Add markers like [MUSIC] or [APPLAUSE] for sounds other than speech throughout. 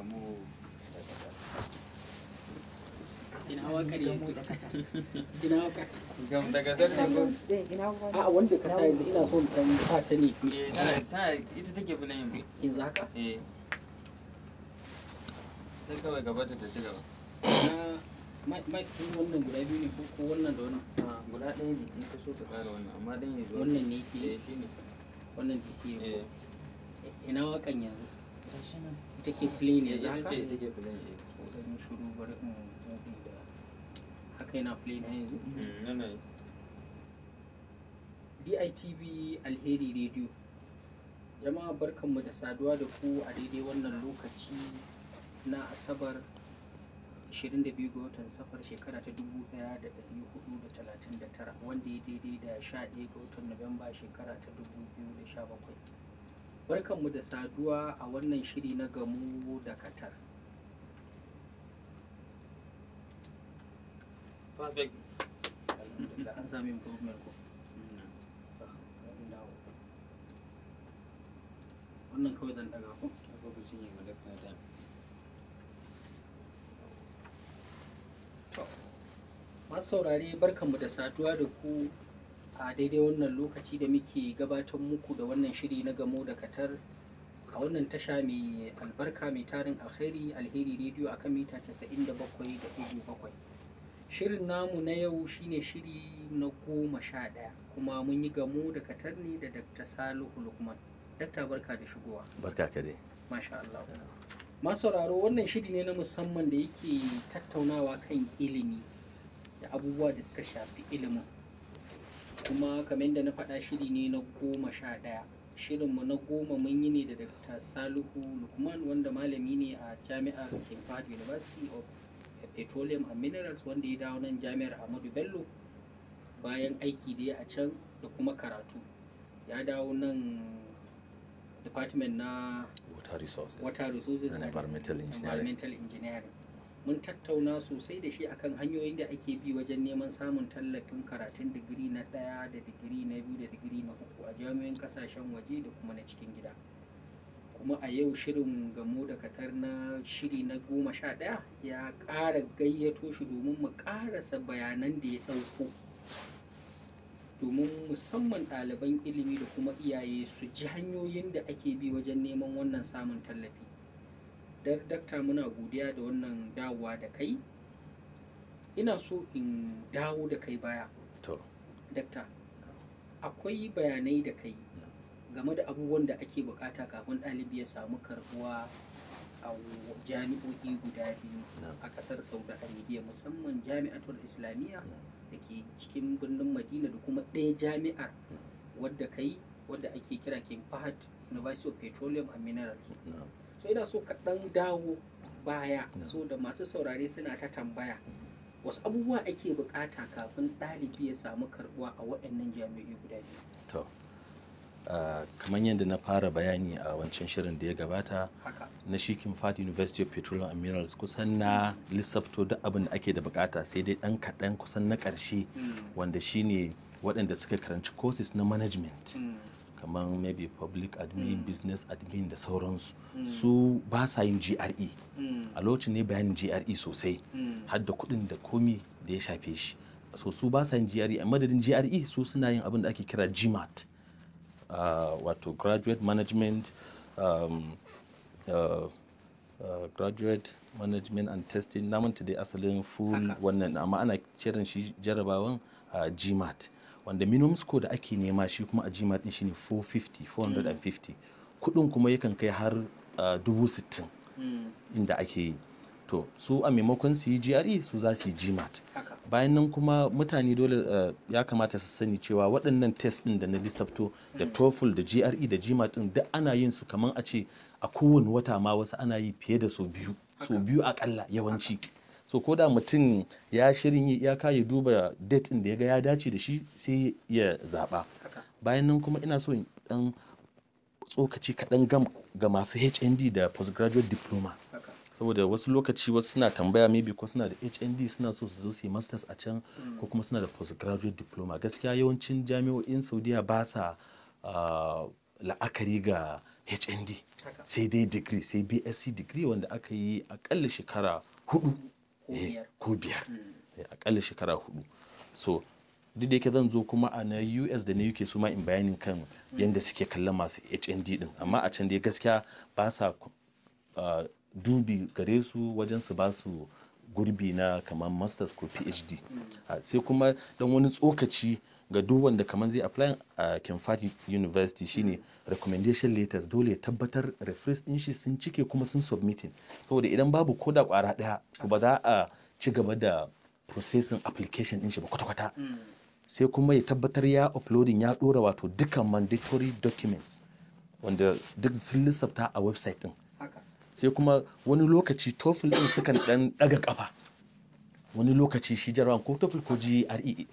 gamo ina wakar [LAUGHS] yanzu ina a wanda ka yanzu ina son kan sa ta ne eh, ita take fi yanzu eh. ta ci gaba Mike wannan guda biyu ne ko wannan da wannan? Ah, guda ɗaya ne in ka so ka wannan amma ɗan yanzu wannan ne ke eh, wannan DC ina wakan yanzu DITB eh? mm, Alheri Radio jama'a barkanmu da saduwa da ku a daidai wannan lokaci na asabar 22 ga watan safar shekara ta 1439 wanda ya daidai da 11 ga watan nuwamba shekara ta 2017 barkanmu da saduwa a wannan shiri na gamu da katar wannan kawai zan daga ku masu saurari barkanmu da saduwa da ku a daidai wannan lokaci da muke gabatar muku da wannan shiri na gamo da katar a wannan tasha mai albarka mai tarin alheri alheri rediyo a kan mita 97.7 shirin namu na yau shine shiri na goma sha ɗaya kuma mun yi gamo da katar ne da dr salihu lukman dakta barka da shigowa barka ka dai masha Allah masauraro wannan shiri ne na musamman da yake tattaunawa kan ilimi da abubuwa da suka shafi ilimin kuma kamar yadda na faɗa shiri ne na goma sha ɗaya Shirin mu na goma mun yi ne da dr salihu lukman wanda malami ne a jami'ar kimfad university of petroleum and minerals wanda ya dawo nan jami'ar ahmadu bello bayan aiki da ya a can da kuma karatu ya dawo nan department na water resources, water and environmental engineering. mun tattauna sosai da shi akan hanyoyin da ake bi wajen neman samun tallafin karatun digiri na ɗaya da digiri na biyu da digiri na uku a jami'an ƙasashen waje da kuma na cikin gida kuma a yau shirin gamo da katar na shiri na goma sha ɗaya ya ƙara gayyato shi domin mu ƙarasa bayanan da ya ɗauko domin musamman ɗaliban ilimi da kuma iyaye su ji hanyoyin da ake bi wajen neman wannan samun tallafi Dakta muna godiya da wannan dawowa da kai. Ina so in dawo da kai baya. To. Dakta, akwai bayanai da kai game da abubuwan da ake bukata kafin ɗalibi ya samu karbuwa a jami'o'i guda biyu a ƙasar Saudi Arabia musamman jami'atul Islamiyya da ke cikin birnin Madina da kuma ɗaya jami'ar wadda kai wadda ake kira King Fahad University of Petroleum and Minerals. so ina so ka dawo baya so da masu saurare suna ta tambaya wasu abubuwa ake bukata kafin ɗalibi ya samu karbuwa a waɗannan jami'o'i guda biyu to kamar yadda na fara bayani a wancan shirin da ya gabata na shikin fat university of petroleum and minerals kusan na lissafto duk abin da ake da bukata sai dai ɗan kaɗan kusan na ƙarshe hmm. wanda shine waɗanda suka karanci courses na management hmm. kamar maybe public admin hmm. business admin da sauransu hmm. su ba sa yin GRE hmm. a lokacin ne bayanin GRE sosai har da kuɗin da komi da ya shafe shi so su ba sa yin GRE a madadin GRE su suna yin abin da ake kira GMAT ah, wato graduate management um, uh, uh, graduate management and testing namun asalin full wannan amma ana kiran shi jarabawan uh, gmat wanda minimum score da ake nema shi kuma a gmat din shine 450 450 kudin kuma yakan kai har ah, dubu sittin hmm. inda ake yi to su a maimakon su yi gre su za su yi gmat bayan nan kuma mutane dole ah, ya kamata su sani cewa waɗannan test din da na lissafto da hmm. toefl da gre da gmat din duk ana yin su kamar a ce a kowane wata ma wasu ana yi fiye da sau biyu so biyu akalla yawanci so ko da mutum ya shirin yi iyaka ya duba date da ya ga ya dace da shi sai ya zaɓa bayan nan kuma ina so in dan tsokaci kaɗan gam ga masu hnd da postgraduate diploma saboda wasu lokaci wasu suna tambaya maybe ko suna da hnd suna so su zo su yi masters a can ko kuma suna da postgraduate diploma gaskiya yawancin jami'o'in saudiya ba sa ah, la'akari ga hnd sai dai degree sai bsc degree wanda aka yi akalla shekara hudu Eh, ko biyar hmm. eh, akalla shekara hudu so duk da yake zan zo kuma a na US da na UK su ma in bayanin kan hmm. yadda suke kallon masu HND din amma a can dai gaskiya ba sa ah, dubi gare su wajen su ba su gurbi na kamar masters ko phd ah, sai kuma dan wani tsokaci ga duk wanda kamar zai apply a ah, kemfati University shine recommendation letters dole ya tabbatar refresh din shi sun cike kuma sun submitting saboda idan babu koda kwara daya ba za a ci gaba da processing application din shi ba kwata-kwata mm. sai kuma ya tabbatar ya uploading ya dora wato dukkan mandatory documents wanda duk sun lissafta a website din sai kuma wani lokaci TOEFL din sukan dan daga kafa wani lokaci shi jarawan ko TOEFL ko GRE e,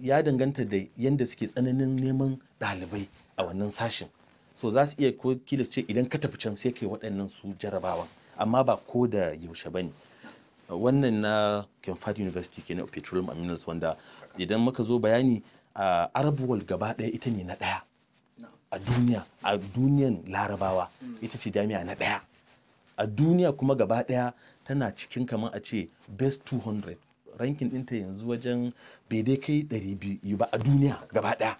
ya danganta da yadda suke tsananin neman ɗalibai a wannan sashin so za su iya ko kilis ce idan ka tafi can sai kai waɗannan su jarabawan amma ba ko da yaushe ba ne wannan na Kemfad University kenan Petroleum and wanda idan muka zo bayani a Arab World gaba ɗaya ita ne na ɗaya a duniya a duniyan larabawa hmm. ita ce jami'a na ɗaya a duniya kuma gaba daya tana cikin kamar a ce best 200 rankin dinta yanzu wajen bai dai kai 200 ba a duniya gaba daya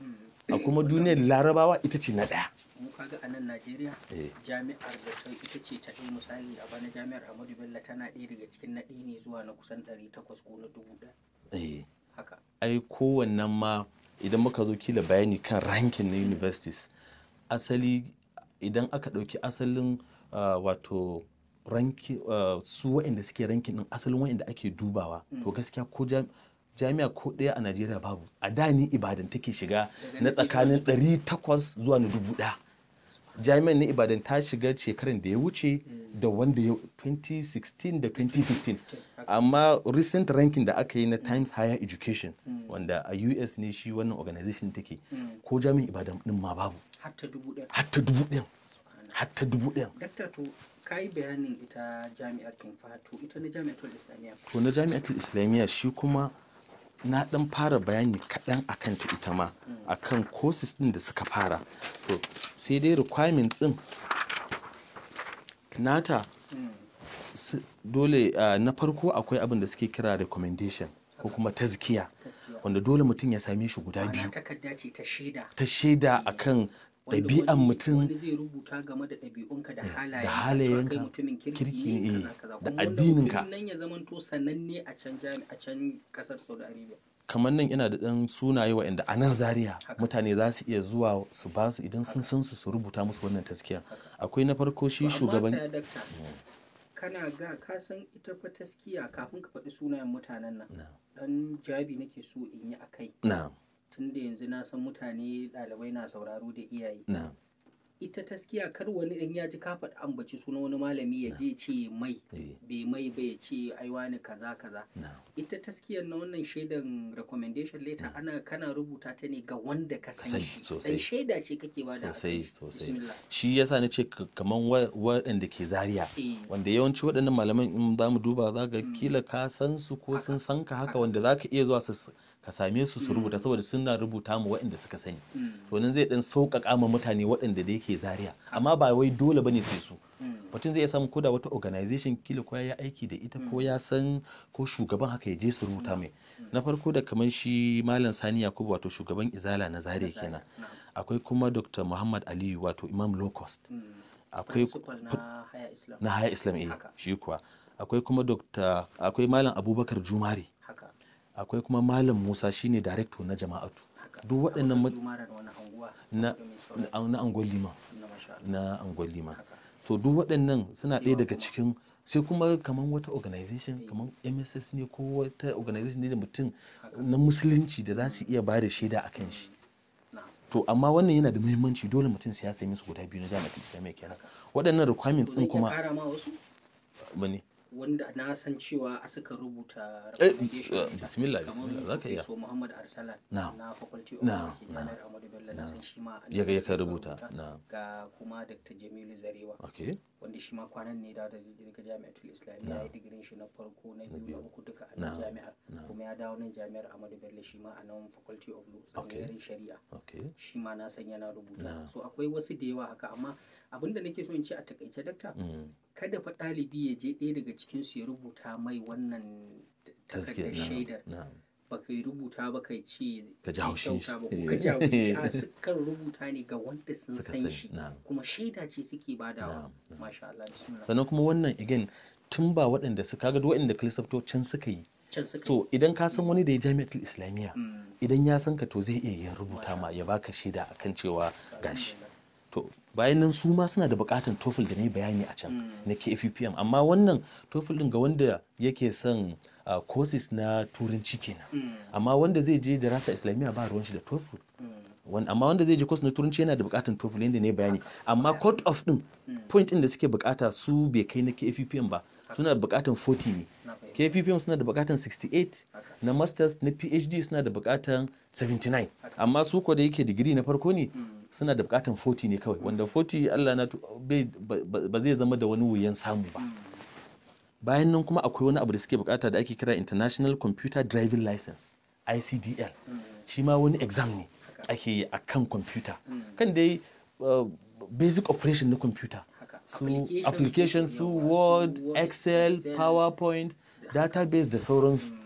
a eh, kuma duniyar larabawa ita ce na daya kaga a nan Najeriya eh. jami'ar da ta ita ce ta ɗaya misali a bana jami'ar Ahmadu Bello tana ɗaya daga cikin na ɗaya ne zuwa na kusan ɗari takwas ko na dubu eh. haka ai kowannan ma idan muka zo kila bayani kan rankin na universities asali idan aka ɗauki asalin ah, wato Uh, su waɗanda suke rankin ɗin asalin waɗanda ake dubawa to mm. gaskiya ko jami'a ko ɗaya a najeriya babu a da ni ibadan take shiga na tsakanin 800 zuwa na dubu ɗaya jami'an ne ibadan ta shiga shekaran da ya wuce mm. da wanda ya 2016 da 2015 [LAUGHS] amma recent ranking da aka yi na times higher education mm. wanda a us ne shi wannan organization take ko jami'in ibadan din ma babu hatta dubu ɗaya hatta dubu ɗaya ka yi bayanin ita jami'ar kimfato ita na jami'atul islamiyya to na jami'atul islamiyya shi kuma na dan fara bayani kaɗan akan ta ita ma mm. akan courses din da suka fara to sai dai requirements din nata mm. dole na farko akwai abin da suke kira recommendation ko kuma tazkiya wanda dole mutum ya same shi guda biyu ta shaida akan ɗabi'an mutum da halayenka kirki ne eh, da addininka kamar nan ina da ɗan sunaye wa a nan zaria mutane za su iya zuwa su ba su idan sun san su su rubuta musu wannan taskiya akwai na farko shi shugaban kana ga ka san ita fa taskiya kafin ka faɗi sunayen mutanen nan dan jabi nake so in yi akai na'am tunda yanzu na san mutane ɗalibai na sauraro da iyaye ita taskiya kar wani in ya ji ka faɗi ambaci suna wani malami ya je ce mai eh. bai mai ba ya ce aiwa ni kaza kaza ita taskiyar na wannan shaidan recommendation letter ana kana rubuta ta ne ga wanda ka san shi shaida ce kake da sosai sosai shi yasa na ce kaman waɗanda ke zariya eh. wanda yawanci waɗannan malaman in za mu duba za ga hmm. kila ka san su ko sun san ka haka wanda za ka iya zuwa su ka same su su rubuta mm. saboda suna rubuta mu waɗanda suka sani mm. to nan zai dan sauƙaƙa ma mutane waɗanda da yake zaria amma ba wai dole bane sai su mm. mutum zai iya samun koda wata organization kila ko ya aiki da ita ko ya san ko shugaban haka ya je su rubuta mai na farko da kamar shi malam sani yakubu wato shugaban izala na zaria kenan akwai kuma dr muhammad aliyu wato imam low cost akwai na haya islam eh shi kuwa akwai kuma dr akwai malam abubakar jumari akwai kuma malam musa shine director na jama'atu duk waɗannan na angolima na angolima to duk waɗannan suna ɗaya daga cikin sai kuma kamar wata organization eh. kamar mss ne ko wata organization ne da mutum na musulunci da za su iya ba da shaida a kan shi mm. to amma wannan yana da muhimmanci dole mutum sai ya sami su guda biyu na jami'ar islamiyya kenan waɗannan requirements din kuma bane wanda na san cewa suka rubuta eh, eh, bismillah bismillah ka iya so Muhammad Arsalan na faculty of Jami'ar Ahmadu Bello na san shi ma ya ga rubuta ga kuma Dr. Jamilu Zarewa wanda shi ma kwanan ne da daga Jami'atul Islamiyya ya yi digirin shi na farko na biyu na uku duka a jami'ar kuma ya dawo nan Jami'ar Ahmadu Bello shi ma a nan faculty of Law tsangayar shari'a shi ma na san yana rubuta so akwai wasu da yawa haka amma abin da nake so in ce a takaice dakta mm. kada fa ɗalibi ya je ɗaya daga cikin su ya rubuta mai wannan takardar shaidar ka yi rubuta ba ka ce ka ji haushi ka ji [LAUGHS] a kan rubuta ne ga wanda sun san shi kuma shaida ce suke badawa masha Allah sannan kuma wannan again tun ba waɗanda suka ga waɗanda kilisafto suka yi so idan ka san wani da ya jami'atul islamiyya mm. idan ya san ka to zai iya yin rubuta ma ya baka shaida akan cewa gashi to bayan nan su ma suna da bukatan tofil da na yi bayani a can mm. na kfupm amma wannan tofil din ga wanda yake son ah, courses na turanci kenan mm. amma wanda zai je da rasa islamiyya ba ruwan shi da tofil mm. amma wanda zai je course na turanci yana da bukatan tofil yadda na yi bayani amma court of din point din da suke bukata su bai kai na kfupm ba suna da bukatan 40 ne kfupm suna da bukatan 68 na masters na phd suna da bukatan 79 amma su ko da yake digiri na farko ne suna da bukatan foti ne kawai wanda foti Allah na ba zai zama da wani wuyan samu ba bayan nan kuma akwai wani abu da suke bukata da ake kira international computer driving license icdl shi ma wani exam ne ake yi a kan computer kan dai uh, basic operation na computer su application su word excel powerpoint database da sauransu hmm.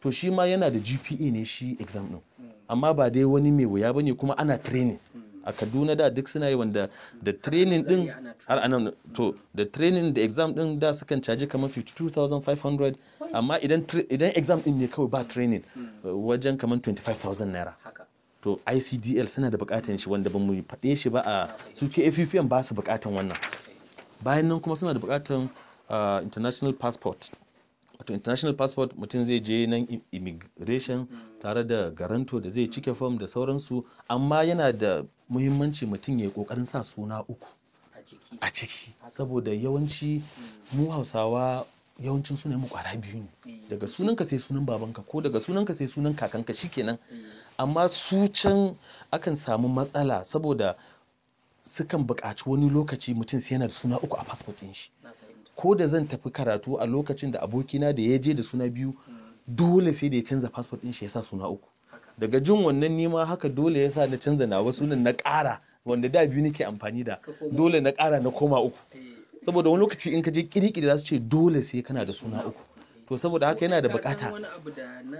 to shi ma yana da gpa e ne shi exam din hmm. amma ba dai wani mai wuya bane kuma ana training hmm. a kaduna da duk suna yi wanda da training din har anan to da training da exam din da sukan caji kamar 52500 amma idan idan exam din ne kawai ba training hmm. wajen kamar 25000 naira to icdl suna da bukatan shi wanda ba mu faɗe shi ba a su kffm ba su bukatan wannan bayan nan kuma suna da bukatan ah, international passport wato international passport mutum zai je nan immigration hmm. tare da garanto da zai cike form da sauransu amma yana da muhimmanci mutum ya yi kokarin sa suna uku a ciki saboda yawanci hmm. mu hausawa yawancin suna mu kwara biyu ne eh. daga sunanka sai sunan babanka ko daga sunanka sai sunan kakanka shi shikenan eh. amma su can akan samu matsala saboda sukan buƙaci wani lokaci mutum sai yana da suna uku a fasfotin shi ko da zan tafi karatu a lokacin da abokina da ya je da suna biyu dole sai da ya canza fasfot ɗin shi ya sa suna uku daga jin wannan nima haka dole ya sa na canza nawa nan na ƙara wanda da biyu nake amfani da dole na ƙara na koma uku eh. saboda wani lokaci in ka je kirikiri za su ce dole sai kana da suna uku to saboda haka yana da bukata wani abu da na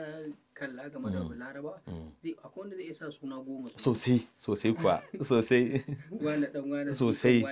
kalla game da mm. laraba mm. zai akwai wanda zai suna goma sosai sosai kuwa [LAUGHS] sosai wani dan wani sosai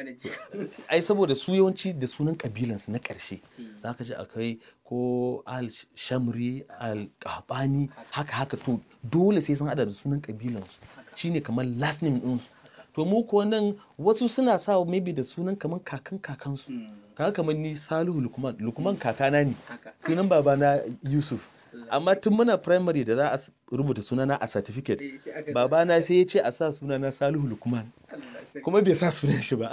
ai saboda su yawanci da sunan kabilan su na karshe hmm. zaka ji akwai ko al shamri al qahtani haka haka to dole sai sun hada da sunan kabilan su shine kamar last name din su to mu ko nan wasu suna sa maybe da sunan kaman kakan kakansu mm. kaga kaman ni Salihu Lukman Lukman mm. kakana ne sunan babana Yusuf amma tun muna primary da za a rubuta sunana a certificate eh, babana sai ya ce a sa sunana salihu lukman kuma bai sa sunan shi ba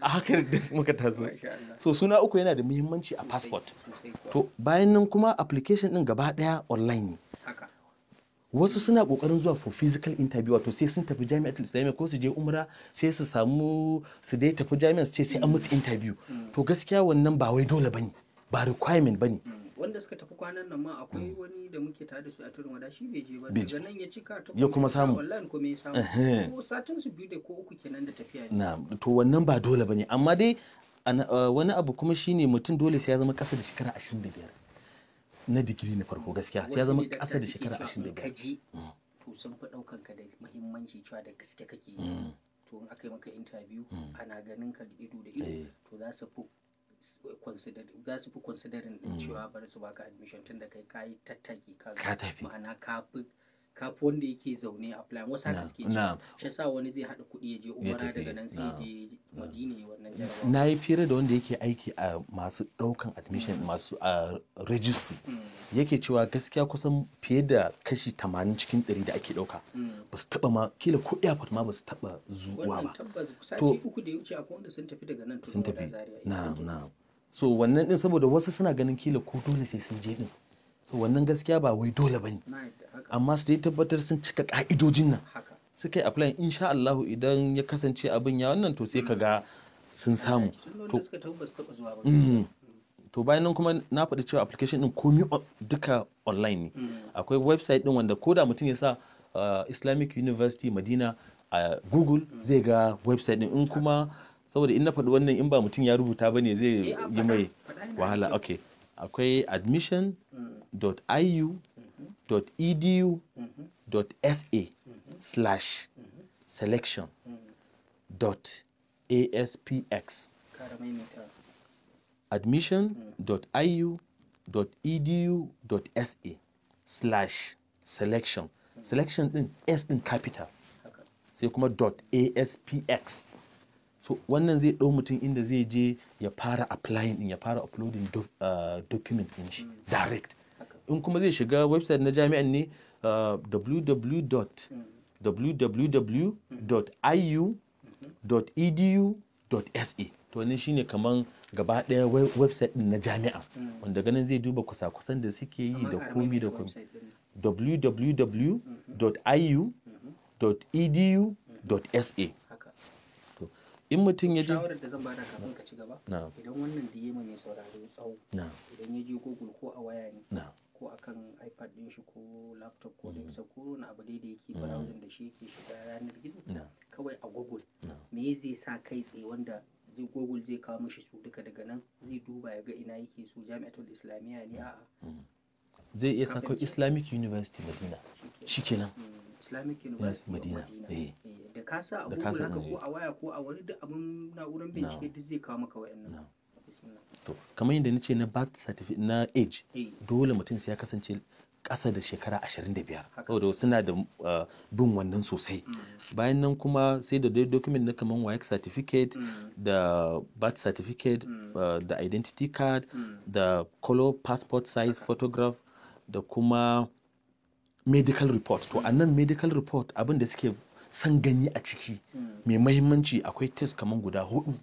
a [LAUGHS] haka muka taso so suna uku yana da muhimmanci a passport to bayan nan kuma application din gaba daya online ne wasu suna kokarin zuwa for physical interview wato sai sun tafi jami'atul islamiyya ko su je umra sai su samu su dai tafi jami'a su ce sai an musu interview mm. Mm. to gaskiya wannan ba wai dole bane ba requirement bane mm. wanda suka tafi kwanan nan ma akwai wani da muke tare da su a turin wada shi bai je ba daga nan ya cika ta ya kuma samu wallahi kuma ya samu ko satin su biyu da ko uku kenan da tafiya ne na'am to wannan ba dole bane amma dai eh, wani abu kuma shine mutum dole sai ya zama kasa da shekara 25 na digiri na farko gaskiya sai ya zama ƙasa da shekara ashirin da biyar mm. to sun fi ɗaukan ka da muhimmanci cewa da gaske kake yi mm. to in aka yi maka interview mm. ana ganin ka ido da ido eh. to za su fi za su fi considering din cewa bari su baka admission tun da kai kayi tattaki ka ma'ana ka fi kafi wanda yake zaune a plan wasu haka suke cewa shi sa wani zai haɗa kuɗi ya je umara daga nan sai je madina ya wannan jarabawa na yi fira da wanda yake aiki a masu ɗaukan admission mm. masu a registry mm. yake cewa gaskiya kusan fiye da kashi 80 cikin 100 da ake ɗauka mm. ba su taɓa ma kila ko airport ma ba su taɓa zuwa ba to uku da ya wuce akwai wanda sun tafi daga nan sun tafi na'am na'am so wannan din saboda wasu suna ganin kila ko dole sai sun je din so wannan gaskiya ba wai dole bane amma su tabbatar sun cika ka'idojin nan suka yi applying insha Allah idan ya kasance abin ya wannan to sai ka ga sun samu mm. to bayan nan kuma na faɗi cewa application din komi duka online ne mm. akwai website din wanda koda mutum ya sa uh, islamic university madina a google mm. zai ga website din in kuma saboda in na faɗi wannan in ba mutum ya rubuta ba ne zai eh, yi mai wahala ok akwai admission.iu Dot dot edu mm-hmm. sa slash selection dot aspx admission dot dot dot iu edu sa slash selection selection din s din capital sai kuma dot aspx so wannan zai ɗau mutum inda zai je ya fara applying din ya fara uploading uh, documents din shi mm. direct in kuma zai shiga website na jami'an ne uh, www.iu.edu.se to wannan shine kamar gaba ɗaya website na jami'a wanda ganin zai duba kusa-kusan da suke yi da komi da komi www.iu.edu.sa in mutum ya ji shawarar da zan bada kafin ka ci gaba idan wannan da yema mai saurari tsawo idan ya je google ko a waya ne ko akan ipad din shi ko laptop ko sa ko wani abu dai da yake mm. browsing da shi yake shiga yanar gizo kawai a google me zai sa kai tsaye wanda zai google zai kawo mishi su duka daga nan zai duba ya ga ina yake so jami'atul islamiyya ne mm. a'a mm. zai iya sako islamic university madina shikenan islamic university madina eh. Eh, da ka sa a google haka ko a waya ko a wani duk abin na'urar bincike duk zai kawo maka wayannan bismillah to kamar yadda na ce na birth certificate na age eh. dole mutum sai ya kasance ƙasa da shekara 25 saboda suna da ah, bin wannan sosai mm. bayan nan kuma sai da dai document na kamar WAEC certificate mm. da birth certificate mm. ah, da identity card da color passport size photograph da kuma medical report to annan medical report abin da suke san gani a ciki mai mahimmanci akwai test kamar guda hudu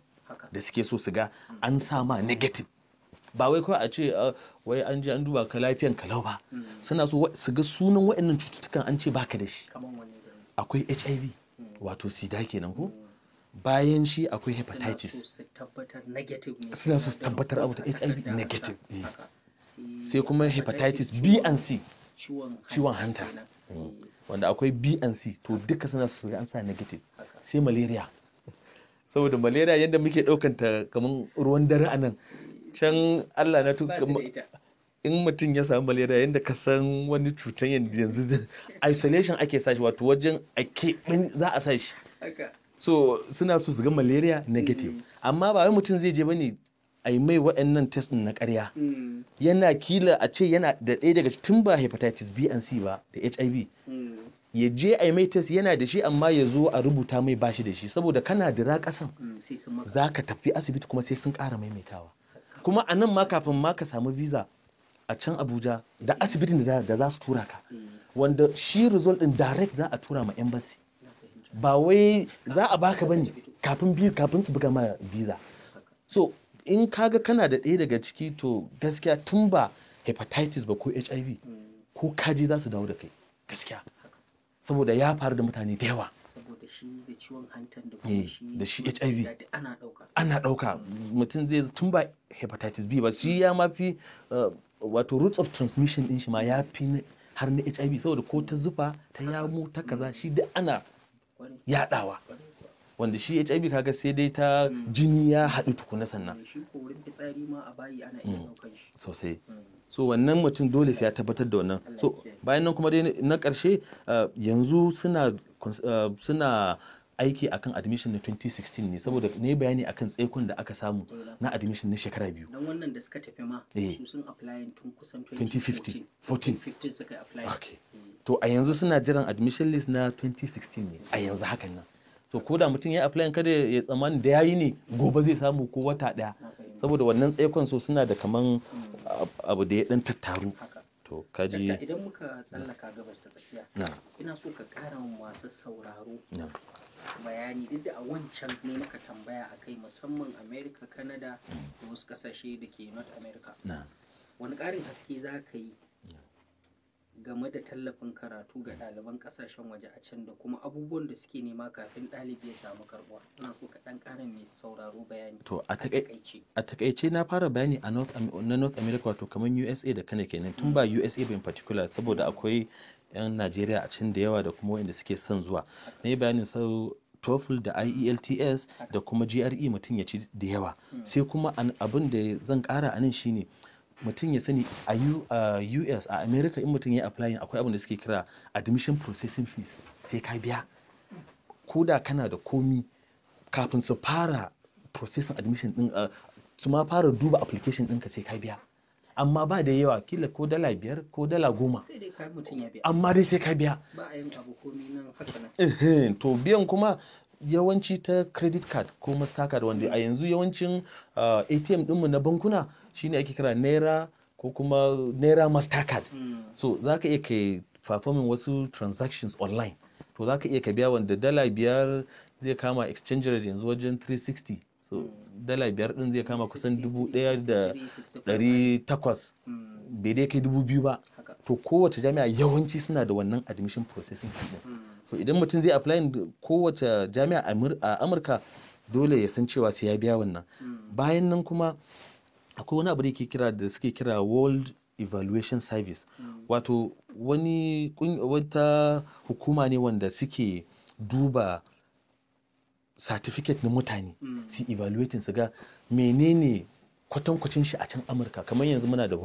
da suke so su ga an sama negative ba wai kawai a ce ah, wai an je an duba ka lafiyan kalau ba hmm. suna so su ga sunan waɗannan cututtukan an ce baka da shi akwai hiv hmm. wato sida kenan ko hmm. bayan shi akwai hepatitis suna so su tabbatar abu da hiv negative eh. sai kuma hepatitis b and c ciwon hanta eh. wanda akwai b and c to duka suna so an sa negative sai malaria saboda malaria yadda muke daukan ta kamar ruwan dare a nan can Allah na tuka in mutum ya samu malaria yadda ka san wani cutar yanzu isolation ake sashi wato wajen a keɓin za a sashi so suna so su ga malaria negative mm. amma ba wai mutum zai je bane a yi mai waɗannan test na karya. Mm. yana kila a ce yana da ɗaya daga tun ba hepatitis b and c ba da hiv mm. ya je a mai test yana da shi amma ya zo a rubuta mai bashi da shi saboda kana dira kasan mm, za ka tafi asibiti kuma sai sun ƙara maimaitawa kuma a nan ma kafin ma ka samu visa a can abuja da asibitin da za su tura ka mm. wanda shi result din direct za a tura ma embassy ba wai za a baka bane kafin kafin su buga ma visa so in kaga kana da ɗaya daga ciki to gaskiya tun ba hepatitis ba ko hiv mm. ko kaji za su dawo da kai gaskiya saboda ya faru da mutane da yawa eh, da shi hiv ana ɗauka mutum zai tun ba hepatitis b ba shi ya mafi eh, wato roots of transmission din shi ma ya fi har na hiv saboda ko ta zufa ta yamu ta kaza shi duk ana yaɗawa wanda shi HIV kaga sai dai ta mm. jini ya haɗu tukuna sannan mm. shi korin fitsari ma a bayi ana iya mm. ɗaukan shi sosai so wannan mutum dole sai ya tabbatar da wannan so bayan nan kuma dai na ƙarshe uh, yanzu suna uh, suna aiki akan admission na 2016 ne saboda ne bayani akan tsaikon da aka samu eh, na admission na shekara biyu dan wannan da suka tafi ma eh. su sun apply tun kusan 2015 2015 suka apply okay to a yanzu suna jiran admission list na 2016 ne a yanzu hakan nan to koda mutum ya apply kada ya tsammani da yayi ne gobe zai samu ko wata daya saboda wannan tsaikon so suna da kaman abu da ya dan tattaru to kaji idan muka tsallaka gabas ta tsakiya ina so ka kara masu sauraro bayani duk da a wancan ne muka tambaya akai musamman America Canada da wasu kasashe da ke North America wani karin haske za ka yi game da tallafin karatu ga ɗaliban ƙasashen waje a can da kuma abubuwan da suke nema kafin ɗalibi ya samu karɓuwa ina so ka ɗan ƙara mai sauraro bayani to a takaice na fara bayani a North na North America wato kamar USA da kane kenan tun ba USA ba in particular saboda akwai 'yan Najeriya a can da yawa da kuma wanda suke son zuwa na yi bayanin sau TOEFL da IELTS da kuma GRE mutum ya ci da yawa hmm. sai kuma abin da zan kara a nan shine mutum ya sani a US a America in mutum ya apply akwai abin da suke kira admission processing fees sai ka biya ko da kana da komi kafin su fara processing admission din su ma fara duba application ɗinka sai ka biya amma ba da yawa kila ko dala biyar ko dala goma amma dai sai ka biya to biyan kuma yawanci ta credit card ko card wanda a yanzu yawancin uh, atm dinmu na bankuna shine ake kira naira ko kuma naira card hmm. so za ka iya kai performing wasu transactions online to za ka iya ka biya wanda dala biyar zai kama exchange rate yanzu wajen 360 so hmm. dala biyar din zai kama kusan dubu daya da dari takwas hmm. bai dai kai dubu biyu ba to kowace jami'a yawanci suna da wannan admission processing din hmm. so idan mutum zai apply kowace jami'a a amurka dole ya san cewa sai ya biya wannan bayan nan kuma akwai wani abu da ke kira da suke kira world evaluation service wato wani wata hukuma ne wanda suke duba certificate na mutane mm. su evaluating su ga menene kwatankwacin shi a can amurka kamar yanzu muna da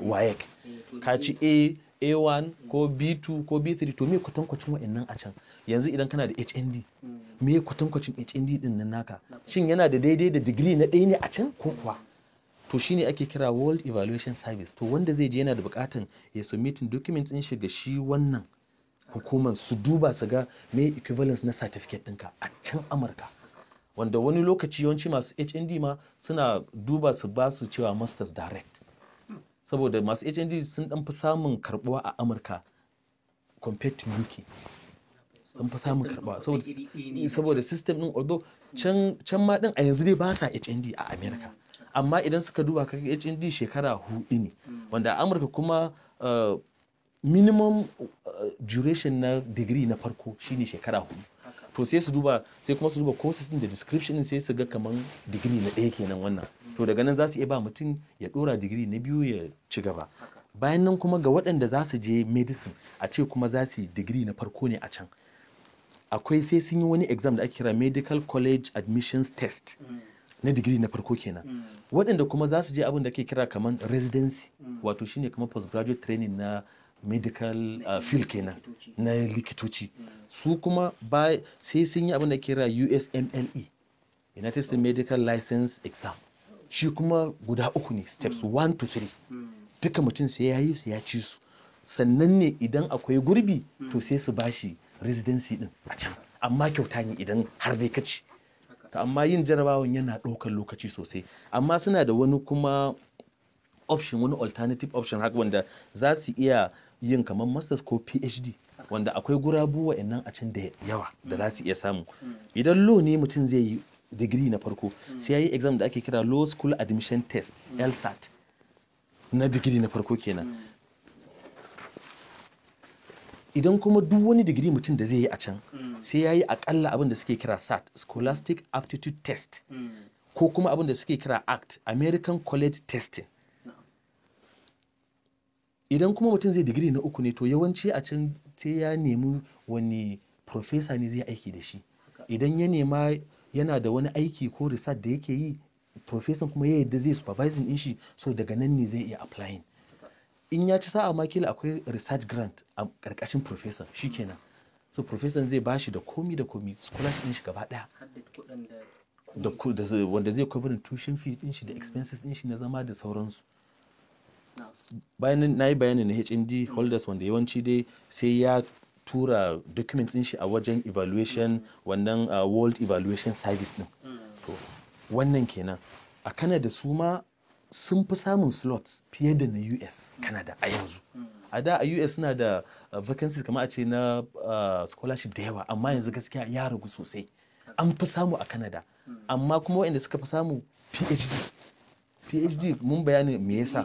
wayek uh, eh, ka ci a a1 mm. ko b2 ko b3 to me kwatankwacin wa'annan a can yanzu idan kana da hnd mm. me kwatankwacin hnd din nan naka shin yana da daidai da digiri na ɗaya ne a can ko kuwa to shine ake kira world evaluation service to wanda zai je yana da bukatan ya submitting documents in shi ga shi wannan hukumar su duba su ga me equivalence na certificate ɗinka a can amurka wanda wani lokaci yawanci masu hnd ma suna duba su ba su cewa masters direct saboda masu hnd sun dan fi samun karbuwa a amurka compared to uk sun fi samun karbuwa saboda system din although can ma din a yanzu dai ba sa hnd a amurka mm. amma idan suka duba kaga hnd shekara hudu ne mm. wanda a amurka kuma eh, minimum uh, duration na digiri na farko shine shekara hudu to sai su duba sai kuma su duba courses din da description sai su ga kaman digiri na ɗaya kenan wannan to daga nan za su iya ba mutum ya dora digiri na biyu ya ci gaba bayan nan kuma ga waɗanda za su je medicine a ce kuma za su yi digiri na farko ne a can akwai sai sun yi wani exam da ake kira medical college admissions test mm. na digiri na farko kenan mm. waɗanda kuma za su je abin da ake kira kaman residency mm. wato shine post postgraduate training na medical uh, field kenan na likitoci su kuma sai sun yi abin da kira usmle united states medical license exam shi kuma guda uku ne steps 1 to 3 duka mutum sai ya yi ya ci su sannan ne idan akwai gurbi to sai su bashi residency din a can amma kyauta ne idan har dai kaci amma yin jarabawan yana ɗaukar lokaci sosai amma suna da wani kuma option wani alternative option haka wanda za su iya yin kamar masters ko phd wanda akwai gurabu wa'annan a can da yawa da za su iya samu mm. idan law ne mutum zai yi digiri na farko mm. sai ya yi exam da ake kira law school admission test mm. lsat na digiri na farko kenan idan kuma duk wani digiri mutum da zai yi a can sai ya yi akalla abinda suke kira sat scholastic aptitude test ko kuma abin suke kira act american college testing idan kuma mutum zai digiri na uku ne to yawanci a can sai ya nemi wani profesa ne zai aiki da shi idan ya nema yana da wani aiki ko research da yake yi profesan kuma ya yadda zai supervising din shi so daga nan ne zai iya applying in ya ci sa'a ma kila akwai research grant a karkashin shi kenan so professor zai bashi da komi da komi scholarship din shi gaba daya wanda zai covering tuition fi din shi da expenses din shi na zama da sauransu bayan na yi bayanin na hnd holders wanda yawanci dai sai ya tura documents din shi a wajen evaluation wannan world evaluation service din to wannan kenan a canada su ma sun fi samun slots fiye da na us kanada a yanzu a da a us suna da uh, vacancies kama a ce na uh, scholarship da yawa amma yanzu gaskiya ya ragu sosai an fi samu a canada amma kuma waɗanda suka fi samu phd phd mun bayani me yasa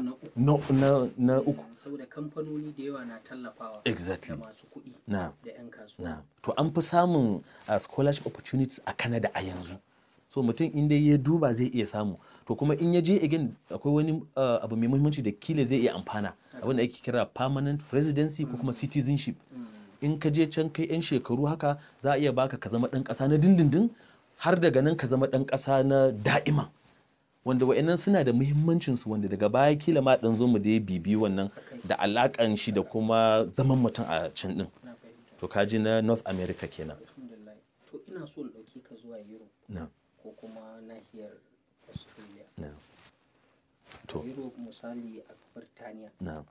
na uku saboda kamfanoni da yawa na tallafawa exactly. da masu kuɗi da 'yan kasuwa to an fi samun uh, scholarship opportunities a canada a yanzu so mutum in dai ya duba zai iya samu to kuma in ya je again akwai wani uh, abu mai muhimmanci da kile zai iya amfana abin da ake kira permanent residency ko kuma mm. citizenship mm. in ka je can kai 'yan shekaru haka za a iya baka ka zama ɗan kasa na dindindin har daga nan ka zama ɗan ƙasa na da'ima wanda wa'annan suna da muhimmancin wanda daga baya kila ma dan zo mu da bibi wannan da alakan shi da kuma zaman mutum a can din to kaji na North America kenan to ina so in dauke ka zuwa Europe ko kuma nahiyar Australia to Europe misali a Birtaniya na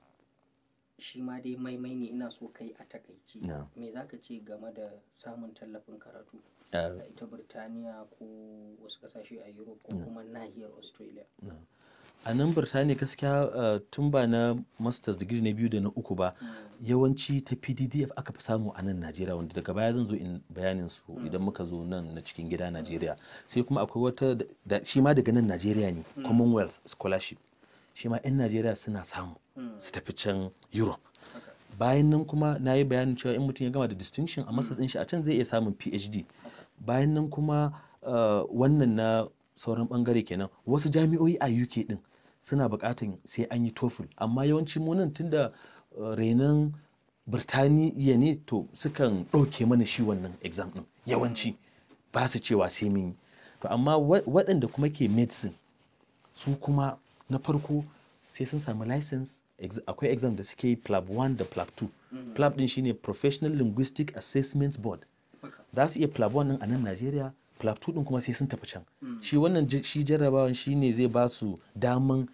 shi ma dai maimai ne ina so kai a takaici me zaka ce game da samun tallafin karatu Eh. ita birtaniya ko wasu kasashe a europe ko kuma nahiyar australia a nan birtaniya gaskiya eh, tun ba na masters degree na biyu da na uku ba mm. yawanci ta pddf aka fi samu a nan najeriya wanda daga baya zan zo in bayanin su mm. idan muka zo nan na cikin gida mm. najeriya sai kuma akwai wata da shi ma daga nan najeriya ne commonwealth scholarship shi ma 'yan najeriya suna samu su tafi can europe bayan nan kuma na yi bayanin cewa in mutum ya gama da distinction a masters din shi a can zai iya samun phd bayan nan kuma eh, wannan na sauran bangare kenan wasu jami'o'i a uk din suna bukatan sai an yi toful amma yawanci mu tun tunda eh, renon birtaniya ne to sukan ɗauke mana shi wannan exam din yawanci ba su cewa sai mun yi to amma waɗanda kuma ke medicine su kuma na farko sai sun samu license akwai exam da suke yi plab 1 da plab 2 mm-hmm. plab din shine professional linguistic assessment board za su iya flap 1 a nan Najeriya flap 2 din kuma sai sun tafi can hmm. shi wannan shi jarrabawan shi ne zai ba su daman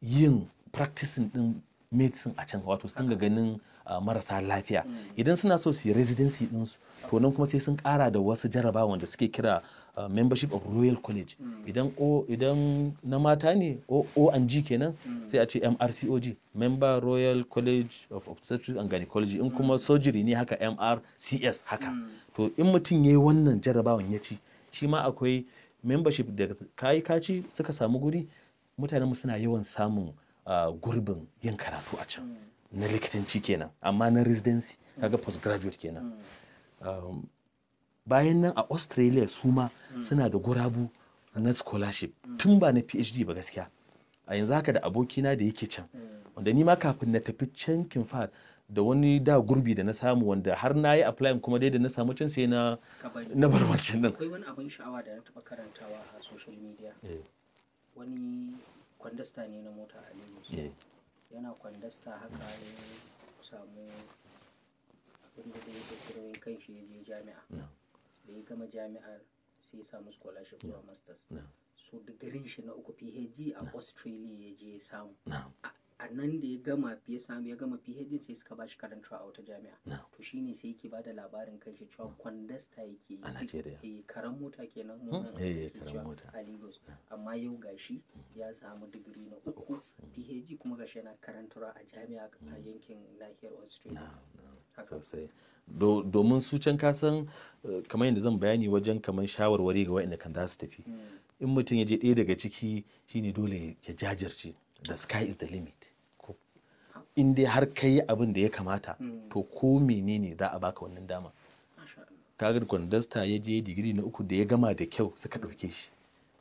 yin practicing din medicine a can wato sun ga ganin marasa lafiya hmm. idan suna so su yi residency ɗinsu to nan kuma sai sun kara da wasu jaraba da suke kira membership of royal college hmm. idan o idan na mata ne o and g kenan hmm. sai a ce mrcog member royal college of obstetrics and gynecology in kuma surgery ne haka mrcs haka to in mutum ya yi wannan jarabawan ya ci shi ma akwai membership da kayi kaci suka samu guri mutanenmu suna yawan samun gurbin yin karatu a can na likitanci kenan amma na residency kaga postgraduate kenan um, bayan nan a australia su ma suna da gurabu na scholarship tun ba na phd ba gaskiya a yanzu haka da abokina da yake can wanda ni ma kafin na tafi can kimfad da wani da gurbi da na samu wanda har na yi applying kuma dai da na samu can sai na na bar akwai wani abin sha'awa da na taba karantawa a social media eh. wani kwandasta ne na mota a Lagos eh. yana kwandasta haka ya samu abin da ya kirkiro ya kai shi ya je jami'a da ya gama jami'ar sai ya samu scholarship zuwa masters so digiri shi na uku phd a australia ya je ya samu a nan da ya gama ya samu ya gama phd sai suka bashi karanta a wata jami'a to shine sai yake da labarin kai shi cewa kwandasta yake a eh karan mota kenan mu hmm. nan eh, a Lagos amma yau gashi hmm. ya samu digiri na uku phd kuma gashi yana karantarwa a jami'a a mm. yankin nahiyar australia sosai domin su can kasan eh, kamar yadda zan bayani wajen kamar shawarwari ga waɗanda kan za su tafi mm. in mutum ya je ɗaya daga ciki shine dole ya jajirce the sky is the limit in dai har ka yi abin da ya kamata mm. to ko menene za a baka wannan dama kagar kwandasta ya je digiri na uku da ya gama da kyau suka ɗauke shi